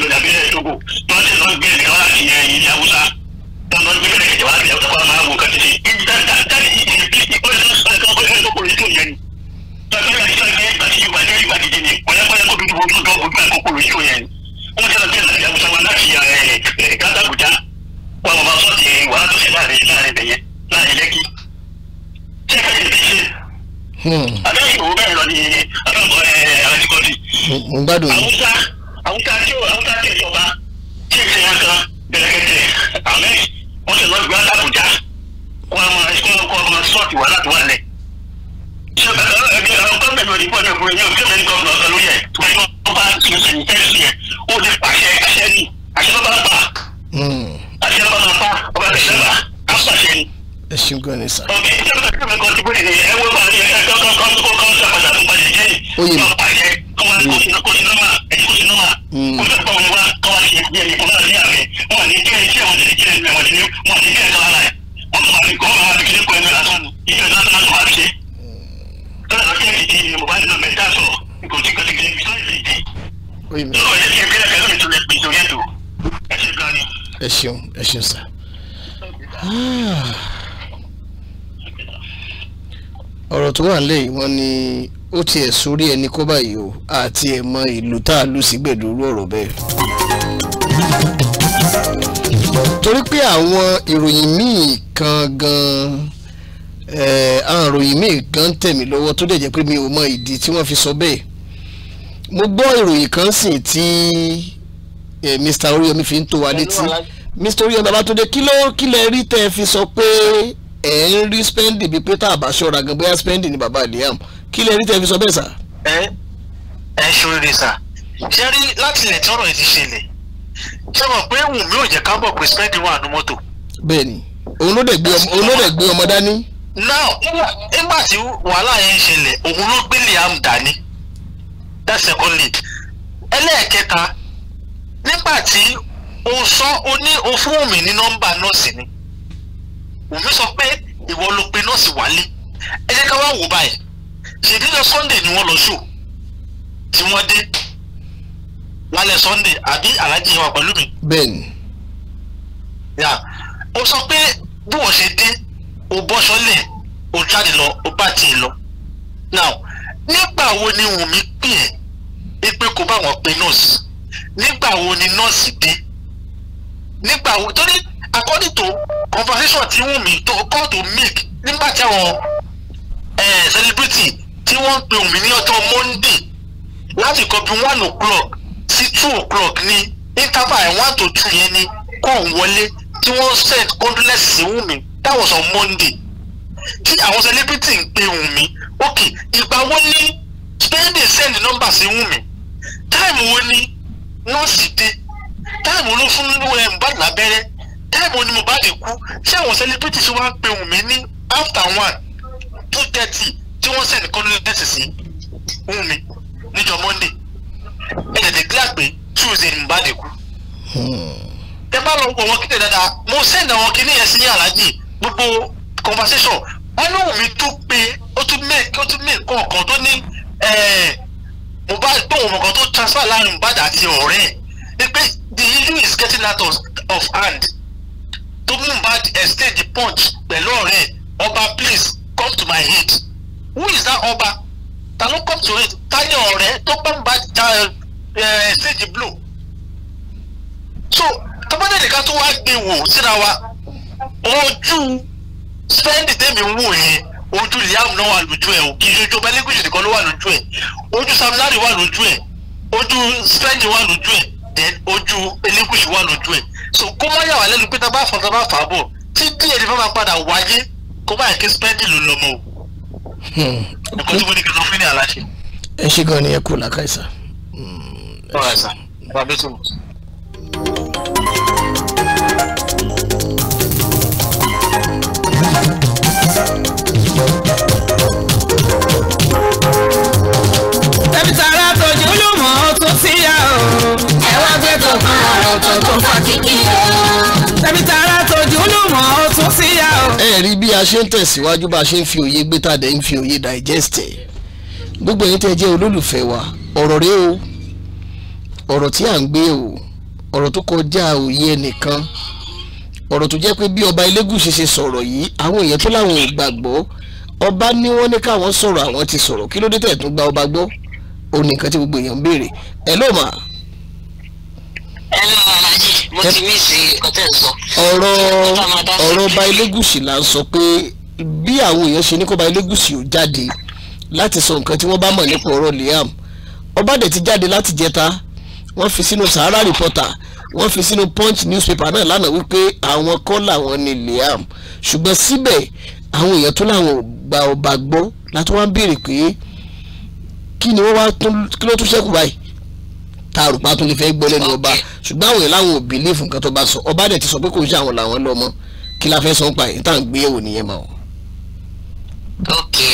gbé lọ dàbí ilẹ̀ Togo tọ́jú lọ gbé ẹ̀jẹ̀ wá láti yẹn ilẹ̀ Haúsá tọ́jú gbé ẹ̀jẹ̀ wá láti Haúsá kó a máa wò kàtí sí ibi tá tá tá ní ibi ó lọ sọ ẹ̀ka ọgbẹ́ ẹ̀ka kòrò ètò yẹn ni tọ́jú lọ sọ ẹ̀ka ẹ̀ka sí ìwà jẹ́ ìwà jíjẹ ni pẹ̀lẹ́pẹ̀lẹ́ kó dúdú ojú tó ojú ẹ̀ka kòrò ètò yẹn ni wọ́n ti lọ gbé láti Haúsá wọn láti Kátàkùjá wọn bá sọ ti wà á tó ṣe láàrin láàrin bẹ̀yẹn láàrin lẹ́kì àbẹ́ ìwò bẹ́ẹ̀ lọ ní àbẹ́ ìwò ẹ̀ àtikọ́tì. ń gbádùn yìí. àwùjá àwọn tá a tí àwọn a tí ìjọba tí ì sẹ́yìn kan bẹ̀rẹ̀kẹ̀tẹ̀ àmẹ́ wọ́n ti lọ gbé wọn lábùjá wọn àwọn ẹ̀sìn kọ́ ọmọ sọ́ọ̀tì wà láti wà lẹ̀. ṣé ẹgbẹ́ àwọn gọ́ọ̀mẹ̀ntì òdìbò ẹ̀dẹ̀ kúrẹ́ ní òkè mẹ́rin gọ́ọ̀mù ọ̀sán lórí ẹ̀ tó ẹni wọ́n bá ti ṣe ní tẹ́sí yẹn ó lè pàṣẹ àṣẹ ní àṣẹ ló bá pa àṣẹ ló bá pa ọba tẹ̀sẹ̀ bá á pàṣẹ ní ẹ ṣe gan ni sà. ọ̀gá ìjọba ìjọba ìjọba kan ti bóde nìyẹn ẹ wọ́n máa ní ẹjọ́ kan kan tó kọ́ ọ́n ṣàpàdà tó padà jẹ́ òye mi ọ̀pàṣẹ kọ́wá kó sinú kó sinú mà ẹ̀ kó sinú mà kó sinú pọ̀ wá kọ́wá ṣe bí ẹni kó náà ní àmì wọn ní kí ẹ jẹ́ wọn ní kí ẹ mẹ́ wọn ní wọn ní kí ẹ kọ́ ara ẹ̀ wọn tó máa fi kọ́ máa fi kílé kọ́ ẹ̀mí lásán ìjọ lásán lásán máa fi ṣe. lọ́dọ̀ lọ́kẹ́ ìdí mobile number dá sọ kò sí kò sí kò sí kò sí ìdí. lọ́wọ́ ẹ̀ ṣe kílẹ̀ kẹ́lẹ́ mi tó lè pè tó yẹ tó ẹ ṣe gan ni. ẹ ṣeun ẹ ṣeun sir ọ̀rọ̀ tó wà nílẹ̀ yìí wọ́n ní ó tiẹ̀ sórí ẹni kó báyìí o àti ẹ̀ mọ ìlú tá a lù sí gbẹ̀dúrú ọ̀rọ̀ bẹ́ẹ̀. torí pé àwọn ìròyìn míì kan gan eh, àwọn ìròyìn míì kan ń tẹ̀ mí lọ́wọ́ tó dẹ̀ jẹ́ pé mi ò mọ ìdí tí wọ́n fi sọ bẹ́ẹ̀ mo gbọ́ ìròyìn kan sìn tí eh, Mr. Oríyọmí fi ń tó wa létí Mr. Oríyọmí Babátúndé kí ló kí lẹ rí tẹ́ fi sọ pé ẹ̀ ń rí spending bíi peter àbáṣọ́ra gan bóyá spending ni bàbá Liam kí lè rí tẹ́ fi sọ bẹ́ẹ̀ sà. ẹ ẹ ṣoríire sà ṣe rí láti ilẹ̀ tọrọ yìí ti ṣẹlẹ̀ ṣe mọ̀ pé Wùmí ò jẹ́ ká mọ̀ pé spending wà nù mọ́tò. bẹ́ẹ̀ni òun ló dẹ̀ gbé ọmọ dání. now nígbà tí wàhálà yẹn ń ṣẹlẹ̀ òun ló gbé Liam dání that's second lead ẹlẹ́ẹ̀kẹta nígbà tí o sọ o ní o fún Wùmí nọmba nọ́mbà ni. Number, òun sọ pé ìwọ ló pe nọ́ọ̀sì wálé ẹ jẹ́ ká wá wò báyìí ṣèdí lọ Sunday ni wọ́n lọ ṣò tí wọ́n dé lálẹ́ Sunday àbí alájí wa pẹ̀lú mi. bẹ́ẹ̀ni. yà ó sọ pé bí wọ́n ṣe dé ó bọ́ sọ́lẹ̀ ó jáde lọ ó bá tiẹ̀ lọ now nígbà wo ni Wùnmí pè é pé kó bá wọn pe nọ́ọ̀sì nígbà wo ni nọ́ọ̀sì dé nígbà wo torí according to conversation tí Wunmi tó call to make nígbà tí àwọn eh, celebrity tí wọ́n ń pe Wunmi ní ọjọ́ Monday láti kọ bí one o'clock sí two o'clock ní interval one to two yẹn ni kó òun wọlé tí wọ́n send condolence sí Wunmi that was on Monday tí àwọn celebrity ń pe Wunmi ok ìgbà wo ni spending send number sí Wunmi táìmù wo ni nọ́ọ̀sì dé táìmù ló fún ẹ̀ ń bá lábẹ́rẹ́ táìmù ni Mohbad kú ṣé àwọn celebrities wá ń pe Wùnmí ní after one two thirty tí wọ́n sẹ́ni condolence sí Wùnmí níjọ́ Monday ẹ̀ tètè glad pé Tuesday ni Mohbad kú. ẹ bá lọ wọ wọn kéde dáadáa mo sẹ́ndà wọn kí ní yẹn sí ní aláàjì gbogbo conversation wọn ní Wùnmí tó pé ó tún mẹ́ ó tún mẹ́ kọ̀ọ̀kan tó ní Mohbad gbóhùn ọ̀kan tó transfer láàrin Mohbad àti ọ̀rẹ́ ẹ̀ pé the issue is getting out of hand tó Mohbad exchange punch pẹ̀lú ọ̀rẹ́ ọba please come to my head. who is that ọba ta ló come to head. ta ni ọ̀rẹ́ tó bá Mohbad ja eh, exchange blow so tọ́mọdé nìkan tó wá gbé wò síra wa ojú sẹ́ńdì tèmi ń wò yẹn ojú liam náà wà lójú ẹ òkè ojú ọba elégùsì nìkan ló wà lójú ẹ ojú Sam Larry wà lójú ẹ ojú sẹ́ńdì wà lójú ẹ ojú elégùsì wà lójú ẹ so kó má yà wá lẹ́nu pé tá a bá fọ́ tá a bá fà á bọ̀ tí díẹ̀ ni fọ́nmà padà wáyé kó má yà kí spẹ́ndì ló lọ́mọ o. Hmm, ẹ̀kọ́ tí mo ní kí ló fún ní aláṣẹ. ẹ ṣe gan ni ẹ kú làkàìsà. ẹ̀sà bá a bẹ́ tó mọ̀. ẹbí tààrà tó jẹ́ o. ẹ wá gbé tó fún ọ̀rọ̀ tó kìkì o. tẹ̀mí tààrà tòjú ló mọ̀ ọ́ tún sí ya o. ẹ rí bí a ṣe ń tẹ̀síwájú bá a ṣe ń fi òye gbé tàdé ń fi òye digest ẹ̀ gbogbo yín tẹ́ jẹ́ olólùfẹ́ wa ọ̀rọ̀ rẹ o ọ̀rọ̀ tí à ń gbé o ọ̀rọ̀ tó kọjá òye ẹnìkan ọ̀rọ̀ tó jẹ́ pé bí ọba Elégùṣì ṣe sọ̀rọ̀ yìí àwọn èèyàn tó láwọn ò ọba ní wọ́n ní káwọn sọ̀rọ̀ àwọn ti sọ̀rọ̀ kí ló dé tẹ̀ tún gba ọba gbọ́ òun nìkan tí gbogbo èèyàn ń béèrè ẹ ló mà. ẹ ló mà lájẹ mo ti mí sí ọtẹ sọ. ọ̀rọ̀ ọ̀rọ̀ Ọba Elégùṣì là ń sọ pé bí àwọn èèyàn ṣe ní kó Ọba Elégùṣì ò jáde láti sọ nǹkan tí wọ́n bá mọ̀ nípa ọ̀rọ̀ Liam ọba dẹ̀ ti jáde láti jẹta wọ́n fi sínú Sahara Reporter wọ́n fi sínú Punch newspaper náà lánàá wípé àwọn kọ́ làwọn ni Liam ṣùgbọ́n síbẹ̀ àwọn èèyàn tó láwọn gba ọba gbọ́ látọ́ wá ń béèrè pé kí ni wọ́n wá tún kí ló tún ṣẹ́kù báyìí tààrùpá tó lè fẹ́ gbọ́ lẹ́nu ọba ṣùgbọ́n àwọn yẹn láwọn ò bìlífù tó bá sọ ọba dẹ̀ ti sọ pé kò ṣe àwọn làwọn lọ́mọ kí la fẹ́ sọ pa yìí tá à ń gbé yẹ̀wò nìyẹn mà ok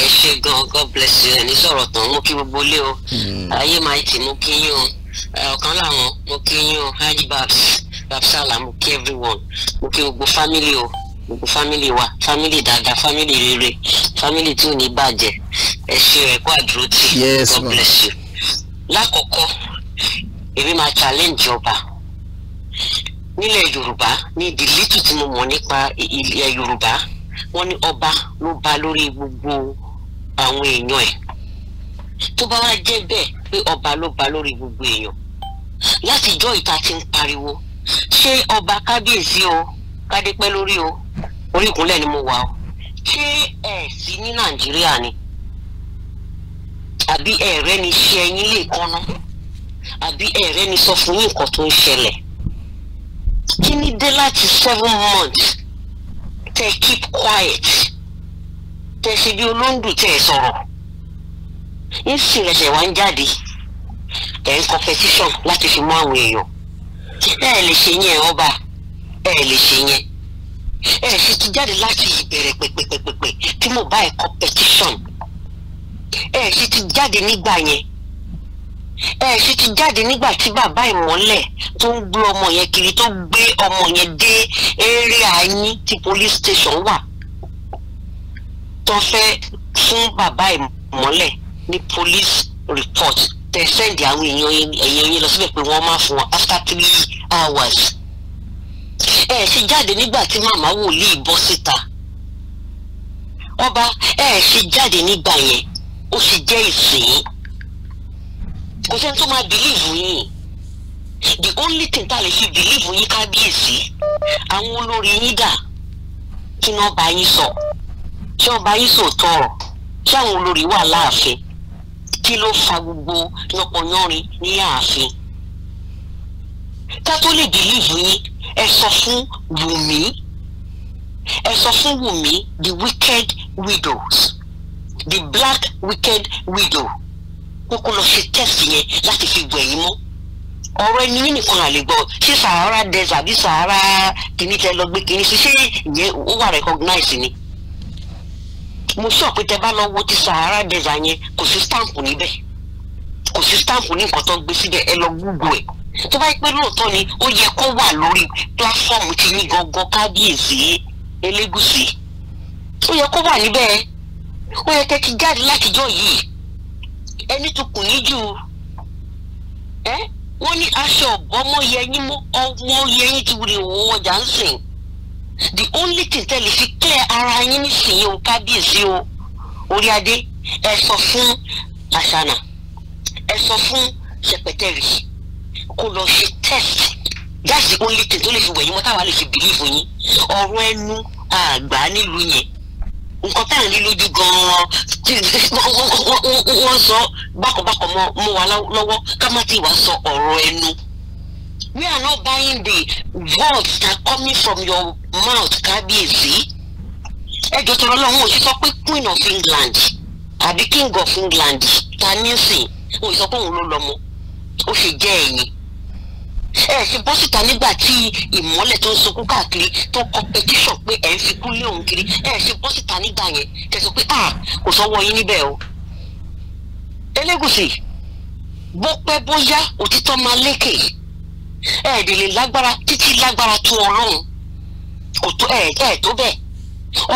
ẹ ṣe gan god bless you ẹni sọ̀rọ̀ tán mo kí gbogbo lé o hmm. ayé máa tì mú kí yín o ọ̀kan làwọn mo kí yín o hajj babs babsala mo kí everyone mo kí gbogbo family o gbogbo family wa family dada family rere family tí ò ní bàjẹ́ ẹ ṣe ẹ̀kọ́ àdúró tì god bless you lákọ̀ọ́kọ́ èmi máa challenge ọba nílẹ̀ yorùbá ní the little tí mo mọ̀ nípa ilẹ̀ yorùbá wọ́n ní ọba ló bá lórí gbogbo àwọn èèyàn ẹ̀ tó bá wá jẹ́ bẹ́ẹ̀ pé ọba ló bá lórí gbogbo èèyàn láti ìjọ ìta ti ń pariwo ṣé ọba kábíyèsí o kádépẹ́ lórí o orí ìkúnlẹ̀ ni mo wà o ṣé ẹ̀ sí ní nàìjíríà ni àbí ẹ̀rẹ́ ni ṣe ẹyin lè kọ́ná àbí ẹ̀rẹ́ ni sọ fún yín nǹkan tó ń ṣẹlẹ̀ kí ni dé láti seven months tẹ keep quiet tẹ ṣe bí olóńdù tẹ ẹ sọ̀rọ̀ yín sì rẹsẹ̀ wá ń jáde ẹ̀ ń competition láti fi mú àwọn èèyàn ẹ lè ṣe yẹn ọba ẹ lè ṣe yẹn ẹ ṣe ti jáde láti ìbẹ̀rẹ̀ pẹ̀pẹ̀pẹ̀pẹ̀ tí mo bá ẹ competition ẹ ṣe ti jáde nígbà yẹn ẹ ṣe ti jáde nígbà tí bàbá ìmọ́lẹ̀ tó ń gbé ọmọ yẹn kiri tó gbé ọmọ yẹn dé area yín tí police station wà tó fẹ́ fún bàbá ìmọ́lẹ̀ ní police report tẹ sẹ́ndì àwọn èèyàn ẹ̀yìn yín lọ síbẹ̀ pé wọ́n máa fún wọn after three hours ẹ ṣe jáde nígbà tí màmá wòlíì bọ́ síta ọba ẹ ṣe jáde nígbà yẹn ó sì jẹ́ ìsìn yín kò sẹ́ni tó máa bìlíìfù yín the only thing tá a lè fi bìlíìfù yín kábíyèsí àwọn olórí yín dà kí ni ọba yín sọ ṣé ọba yín sòótọ́ ọ̀rọ̀ ṣé àwọn olórí wà láàfin kí ló fa gbogbo yánpọnyánrin ní ààfin ká tó lè bìlíìfù yín ẹ sọ fún Wùmí ẹ sọ fún Wùmí the wicked widows the black wicked widow kókó lọ ṣe test yẹn láti fi wẹ̀yìn mọ́ ọ̀rọ̀ ẹni yín nìkan àlè gbọ́ ṣé sahara desert àbí sahara kìíní tẹ lọ gbé kìíní sí ṣé ìyẹn ó wà recognize ni mo sọ pé tẹ bá lọ wo ti sahara desert yẹn kò sí stamp níbẹ̀ kò sí stamp ní nǹkan tó ń gbé síbẹ̀ ẹ lọ google ẹ̀ tó bá yẹ pé lóòótọ́ ni ó yẹ kó wà lórí platform ti yín gangan kábíyèsí elégùsì ó yẹ kó wà níbẹ̀ ó yẹ kẹ́ jáde látijọ́ yìí ẹni tukùn níjù ẹ wọ́n ní aṣọ ọ̀bọ́mọ yẹyin mú ọmọ yẹyin ti wúlò òun ọjà ń sìn the only thing tẹ́lẹ̀ fi clear ara yín nísìnyí o kábíyèsí o orí adé ẹ sọ fún àṣànà ẹ sọ fún sẹpẹtẹrì kó lọ ṣe test that's the only thing tó lè fi wẹ̀yìn mọ́ táwa lè fi bìlíìfù yín ọ̀rọ̀ ẹnu àgbà nílùú yẹn nǹkan tá à ń rí lójú gan-an wọ́n sọ bákọ̀bákọ̀ mọ́ wa lọ́wọ́ ká má ti wá sọ ọ̀rọ̀ ẹnu. we are not buying the words that coming from your mouth kábíyèsí. ẹjọ́ tọrọ lọ́hún ò sì sọ pé queen of England àbí king of England ta ní sìn ò sọ pé òun ló lọ́mọ ó ṣe jẹ́ ẹ̀yìn ẹ sì bọ́ síta nígbà tí ìmọ́lẹ̀ tó ń sunkún káàkiri tó kọ petition pé ẹ̀ ń fi kú lé òun kiri ẹ sì bọ́ síta nígbà yẹn kẹsàn pé ah kò sọ́wọ́ yín níbẹ̀ o. Elégùṣì bó pẹ́ bóyá òtítọ́ máa lékè ẹ̀ẹ́dẹ̀lẹ̀ lágbára títí lágbára tó ọlọ́run ọ̀tọ̀ ẹ̀ẹ́dẹ̀ tó bẹ́ẹ̀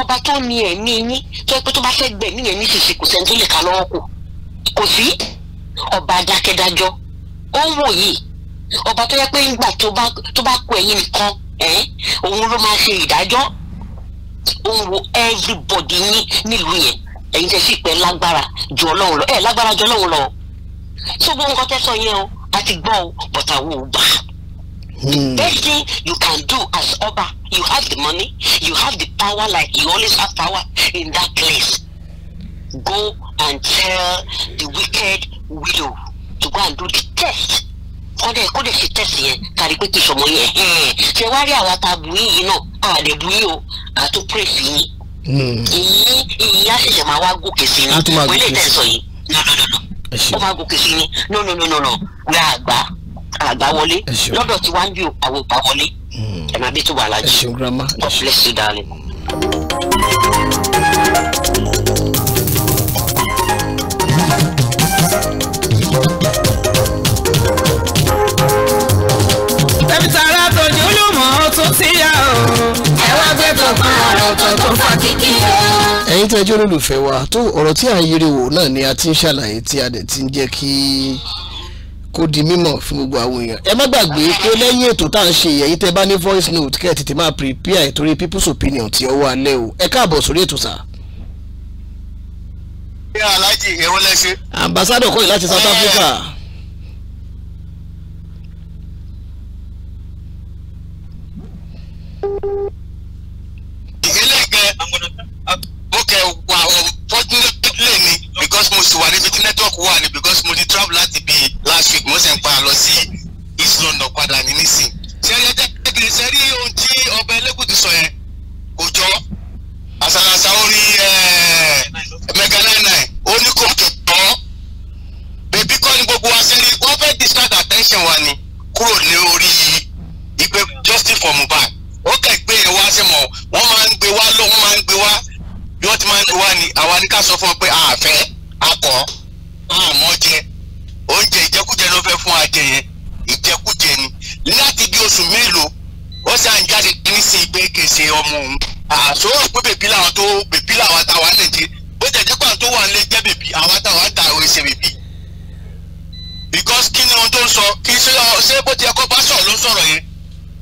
ọba tó ní ẹ̀mí yín tó yẹ pé tó bá fẹ́ gbẹ̀mí yẹn nísinsìnyí kò sẹ́ni tó lè ká lọ́wọ́ kù kò sí ọba adákẹ́dájọ́ ó wòye ọba tó yẹ pé ńgbà tó bá kó ẹ̀yin nìkan òun ló máa ṣe ìdájọ́ òun wo everybody yín nílùú yẹn ẹ̀yin tẹ́ sì pẹ́ lágbára ju ọlọ́run lọ ẹ̀ lágbára ju ọlọ́run lọ so gbogbo nǹkan tẹ́ yẹn o a ti o but àwọn ò gbà. The hmm. best thing you can do as ọba you have the money you have the power like you always have power in that place go and tell the wicked widow to go and do the test kọ́dẹ̀ kọ́dẹ̀ ṣe tẹ̀sí yẹn kárí pé kì sọmọ yẹn ẹ̀ẹ́n ṣe wá rí àwa ta bu yìí náà àlè bu yìí o àtú pray sí yín hmm. èyí èyí á ṣẹ̀ṣẹ̀ máa wá gòkè sí ni wọ́n lè tẹ̀ sọ yìí nọ̀nọ̀nọ̀nọ̀ ó máa gòkè sí ni nọ̀nọ̀nọ̀nọ̀ rà àgbà àgbà wọlé lọ́dọ̀ tí wá ń bí àwọn ìgbà wọlé hmm. ẹ̀ máa bí tó wà lájú God bless you darling. tọ̀gbọ́n àròtọ̀ tó fà kíkì o. ẹ̀yin tẹ́ jẹ́ olólùfẹ́ wa tó ọ̀rọ̀ tí à ń yiri wò náà ni a ti ń ṣàlàyé tí a dẹ̀ ti ń jẹ́ kí kó di mímọ̀ fún gbogbo àwọn èèyàn ẹ má gbàgbé pé lẹ́yìn ètò tá à ń ṣe yẹ̀yí tẹ́ bá ní voice note kẹ́ ẹ̀ tètè máa prepare ìtorí people's opinion ti ọwọ́ alẹ́ o ẹ káàbọ̀ sórí ètò sáà ní aláàjì èwo lẹ ṣe. ambassadọ kọ́ni South Africa kẹ́ mo kẹ́ wà fọ́jú lè mi because mo sì wà níbi tí network wà ní because mo ti travel láti bí last week mo sì ń pa lọ sí East London padà ní nísìn. ṣé ẹ jẹ́ kí n ṣe rí ohun tí ọba ẹlẹ́gùn ti sọ yẹn kò jọ àṣàlàṣà orí eh, mega nine nine ó ní kò tó tọ́ bèbí kọ́ ni gbogbo wa ṣe rí wọ́n fẹ́ distract attention wa ni kúrò ní orí ìgbẹ́ justice for Mohbad ó kẹ̀ gbé ẹ̀ wá sí mọ̀ wọ́n máa ń gbé wá lóhun máa ń gbé wá bí wọ́n ti máa ń gbé wá ni àwa ní ká sọ fún ọ pé àfẹ́ akọ àmọ́ jẹ oúnjẹ ìjẹkújẹ ló fẹ́ fún ajẹ yẹn ìjẹkújẹ ni láti bí oṣù mélòó ó sàn jáde nísìnyí pé kèsè ọmọ òun àsọ̀rọ̀ pé bèbí làwọn tó bèbí làwọn táwa nìjẹ bó jẹjẹ pàtó tó wà nílé jẹ bèbí àwọn táwa ń ta àwọn èsè bèbí because kí ni ohun tó ń sọ kí ṣé bó ti ẹkọ bá sọ̀rọ̀ ló ń sọ̀rọ̀ yẹn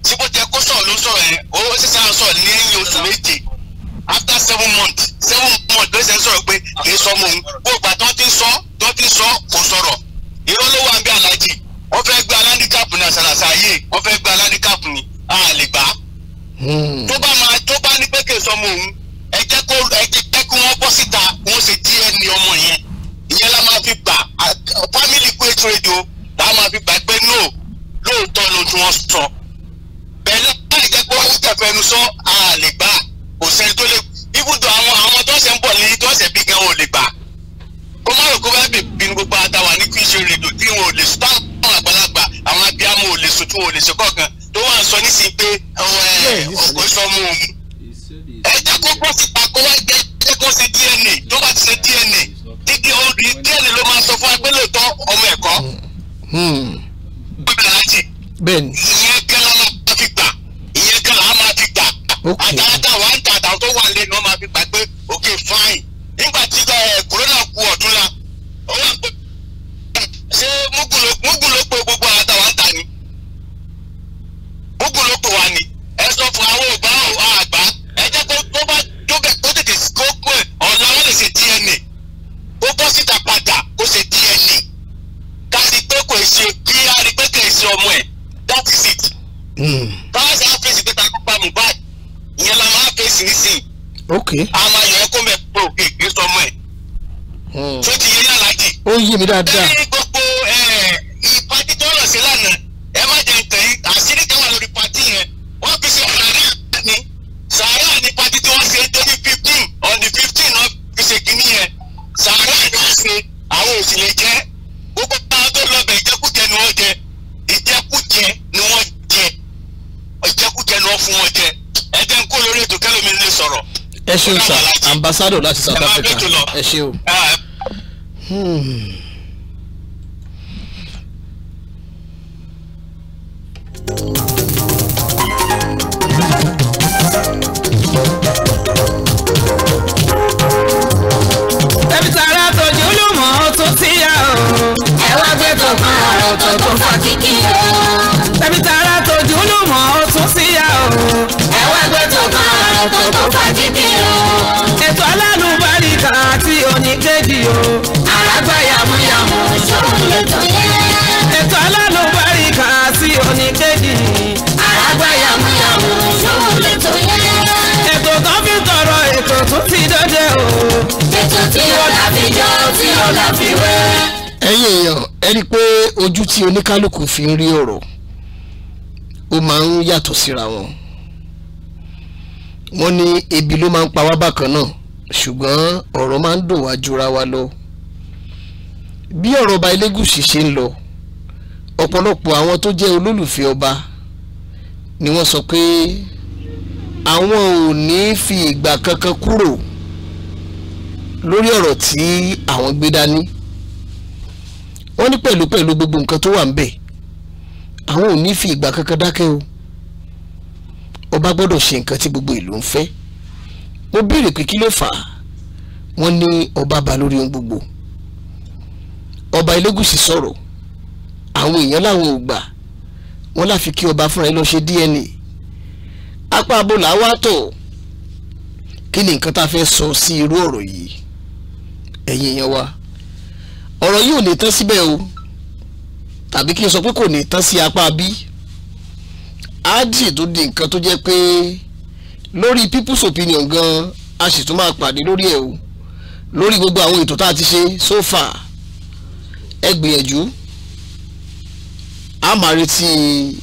tí bó jẹ kó sọ̀rọ̀ ló ń sọ̀rọ̀ yẹn owó sísá ń sọ̀rọ̀ ní ẹ̀yìn oṣù méje after seven months seven months ló ṣe ń sọ̀rọ̀ pé kì í sọ mọ́ òun gbogbo àtọ́ ti ń sọ tó ti ń sọ kò sọ̀rọ̀ irọ́ ló wà ń bí alájì wọ́n fẹ́ gbé aláǹdíkàpù ní àṣàlàṣà ayé wọ́n fẹ́ gbé aláǹdíkàpù ní àlè gbà. Hmm. tó bá máa tó bá ní pé kì í sọ mọ́ òun ẹ jẹ́ kó ẹ jẹ́ kí wọ́n bọ́ síta wọ́n ṣe DNA ọmọ yẹn ìyẹn la máa fi gbà family quick radio la máa fi gbà pé no lóòótọ́ ló tún wọ́n sọ. dáadáa. ẹ ní gbogbo ìpàdé tó lọ sí lánàá ẹ má jẹ nǹkan yìí àṣírí kan wà lórí pàtí yẹn wọ́n fi ṣe sàárà ni sàárà ni pàtí tí wọ́n ṣe lórí fifteen on the fifteen wọ́n fi ṣe kínní yẹn sàárà ni wọ́n ṣe àwọn òsì lè jẹ gbogbo àwọn tó lọ bẹ ìjẹkújẹ ni wọ́n jẹ ìjẹkújẹ ni wọ́n jẹ ìjẹkújẹ ni wọ́n fún wọn jẹ ẹ jẹ́ ń kó lórí ètò kẹ́lómi lè sọ̀rọ̀ ẹ ṣeun sa ambassador láti south africa ẹ ṣeun. ojú tí oníkálukú fi ń rí ọ̀rọ̀ ó máa ń yàtọ̀ síra wọn wọ́n ní ebi ló máa ń pa wá bákan náà ṣùgbọ́n ọ̀rọ̀ máa ń dùn wá jura wa lọ bí ọ̀rọ̀ ọba Elégùṣì ṣe ń lọ ọ̀pọ̀lọpọ̀ àwọn tó jẹ́ olólùfẹ́ ọba ni wọ́n sọ pé àwọn ò ní fi ìgbà kankan kúrò lórí ọ̀rọ̀ tí àwọn gbé dání wọ́n ní pẹ̀lú pẹ̀lú gbogbo nǹkan tó wà ń bẹ̀ àwọn ò ní fi ìgbà kankan dákẹ́ o ọba gbọ́dọ̀ ṣe nǹkan tí gbogbo ìlú ń fẹ́ mo béèrè pé kí ló fà á wọ́n ní ọba ba lórí ohun gbogbo ọba Elégùṣì sọ̀rọ̀ àwọn èèyàn làwọn ò gbà wọ́n láfi kí ọba fúnra ẹ lọ ṣe DNA apá abo là tọ̀ kí ni nǹkan tá a fẹ́ sọ sí irú ọ̀rọ̀ yìí ẹ̀yin èèyàn wa ọ̀rọ̀ yìí ò lè tán síbẹ̀ o tàbí kí n sọ pé kò ní tán sí apá bí áàdì tó di nǹkan tó jẹ́ pé lórí people's opinion gan a sì tún máa pàdé lórí ẹ̀ o lórí gbogbo àwọn ètò tá a ti ṣe so far ẹ gbìyànjú a máa retí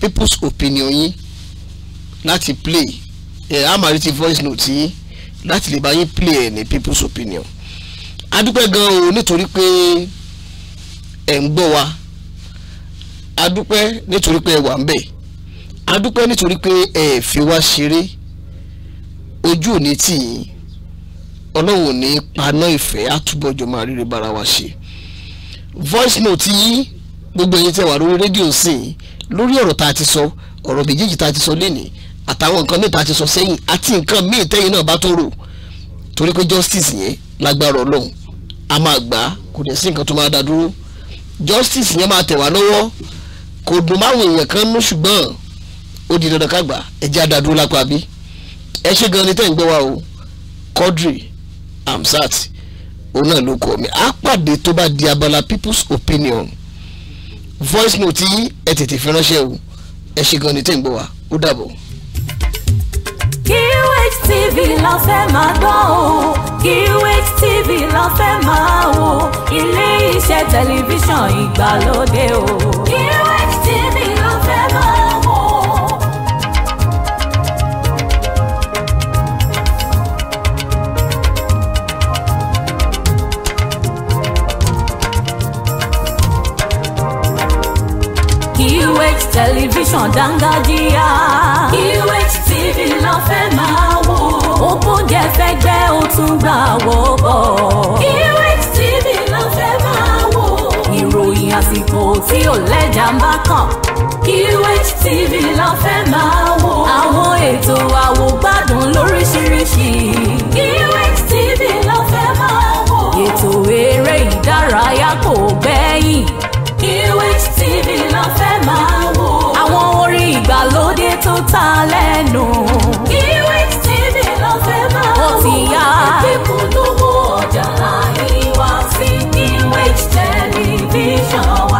people's opinion yín láti play ẹ a máa retí voice note yín láti lè bá yín play ẹ ní people's opinion adúpẹ́ gan o nítorí pé ẹ̀ ń gbọ́ wa adúpẹ́ nítorí pé ẹ wà ń bẹ̀ adúpẹ́ nítorí pé ẹ fi wá ṣeré ojú ò ní tì yín ọlọ́run ní paná ìfẹ́ àtúbọ̀jọ máa rírí bára wa ṣe voice note yìí gbogbo ẹ̀yin tẹ́ wà lórí rédíò sìn lórí ọ̀rọ̀ tá a ti sọ ọ̀rọ̀ méjèèjì tá a ti sọ lénìí àtàwọn nǹkan míì ti sọ sẹ́yìn àti nǹkan míì tẹ́yìn náà bá tó rò torí pé justice yẹn lágbára ọlọ́run a máa gbà á kò dẹ̀ sí nǹkan tó máa dá dúró justice yẹn máa tẹ̀ wá lọ́wọ́ kò dùn máwọn èèyàn kan mú ṣùgbọ́n ó di dandan ká gbà ẹ jẹ́ àdádúró lápá bí ẹ ṣe gan ni tẹ́ ń gbé wa o Quadri Hamzat òun náà ló kọ mi á pàdé tó bá di abala people's opinion voice note yìí ẹ tètè fi ránṣẹ́ o ẹ ṣe gan ni tẹ́ ń gbé wa ó dàbọ̀. QH TV lọ fẹ́ máa gbọ́ o QH TV lọ fẹ́ máa wò ilé iṣẹ́ tẹlifíṣàn ìgbàlódé o. QH TV lọ fẹ́ máa wò. QH tẹlifíṣàn dángájíá QH TV lọ fẹ́ máa wò ó bóúnjẹ fẹ́gbẹ́ ó tún gbà wọ́ bọ̀. QH TV ló fẹ́ máa wò. ìròyìn àsìkò tí ò lẹ́jà ń bá kàn. QH TV ló fẹ́ máa wò. àwọn ètò àwò gbádùn lóríṣiríṣi. QH TV ló fẹ́ máa wò. ètò eré ìdárayá kò gbẹ́yìn. QH TV ló fẹ́ máa wò. àwọn orin ìgbàlódé tó ta lẹ́nu. QH ìyá. People Television.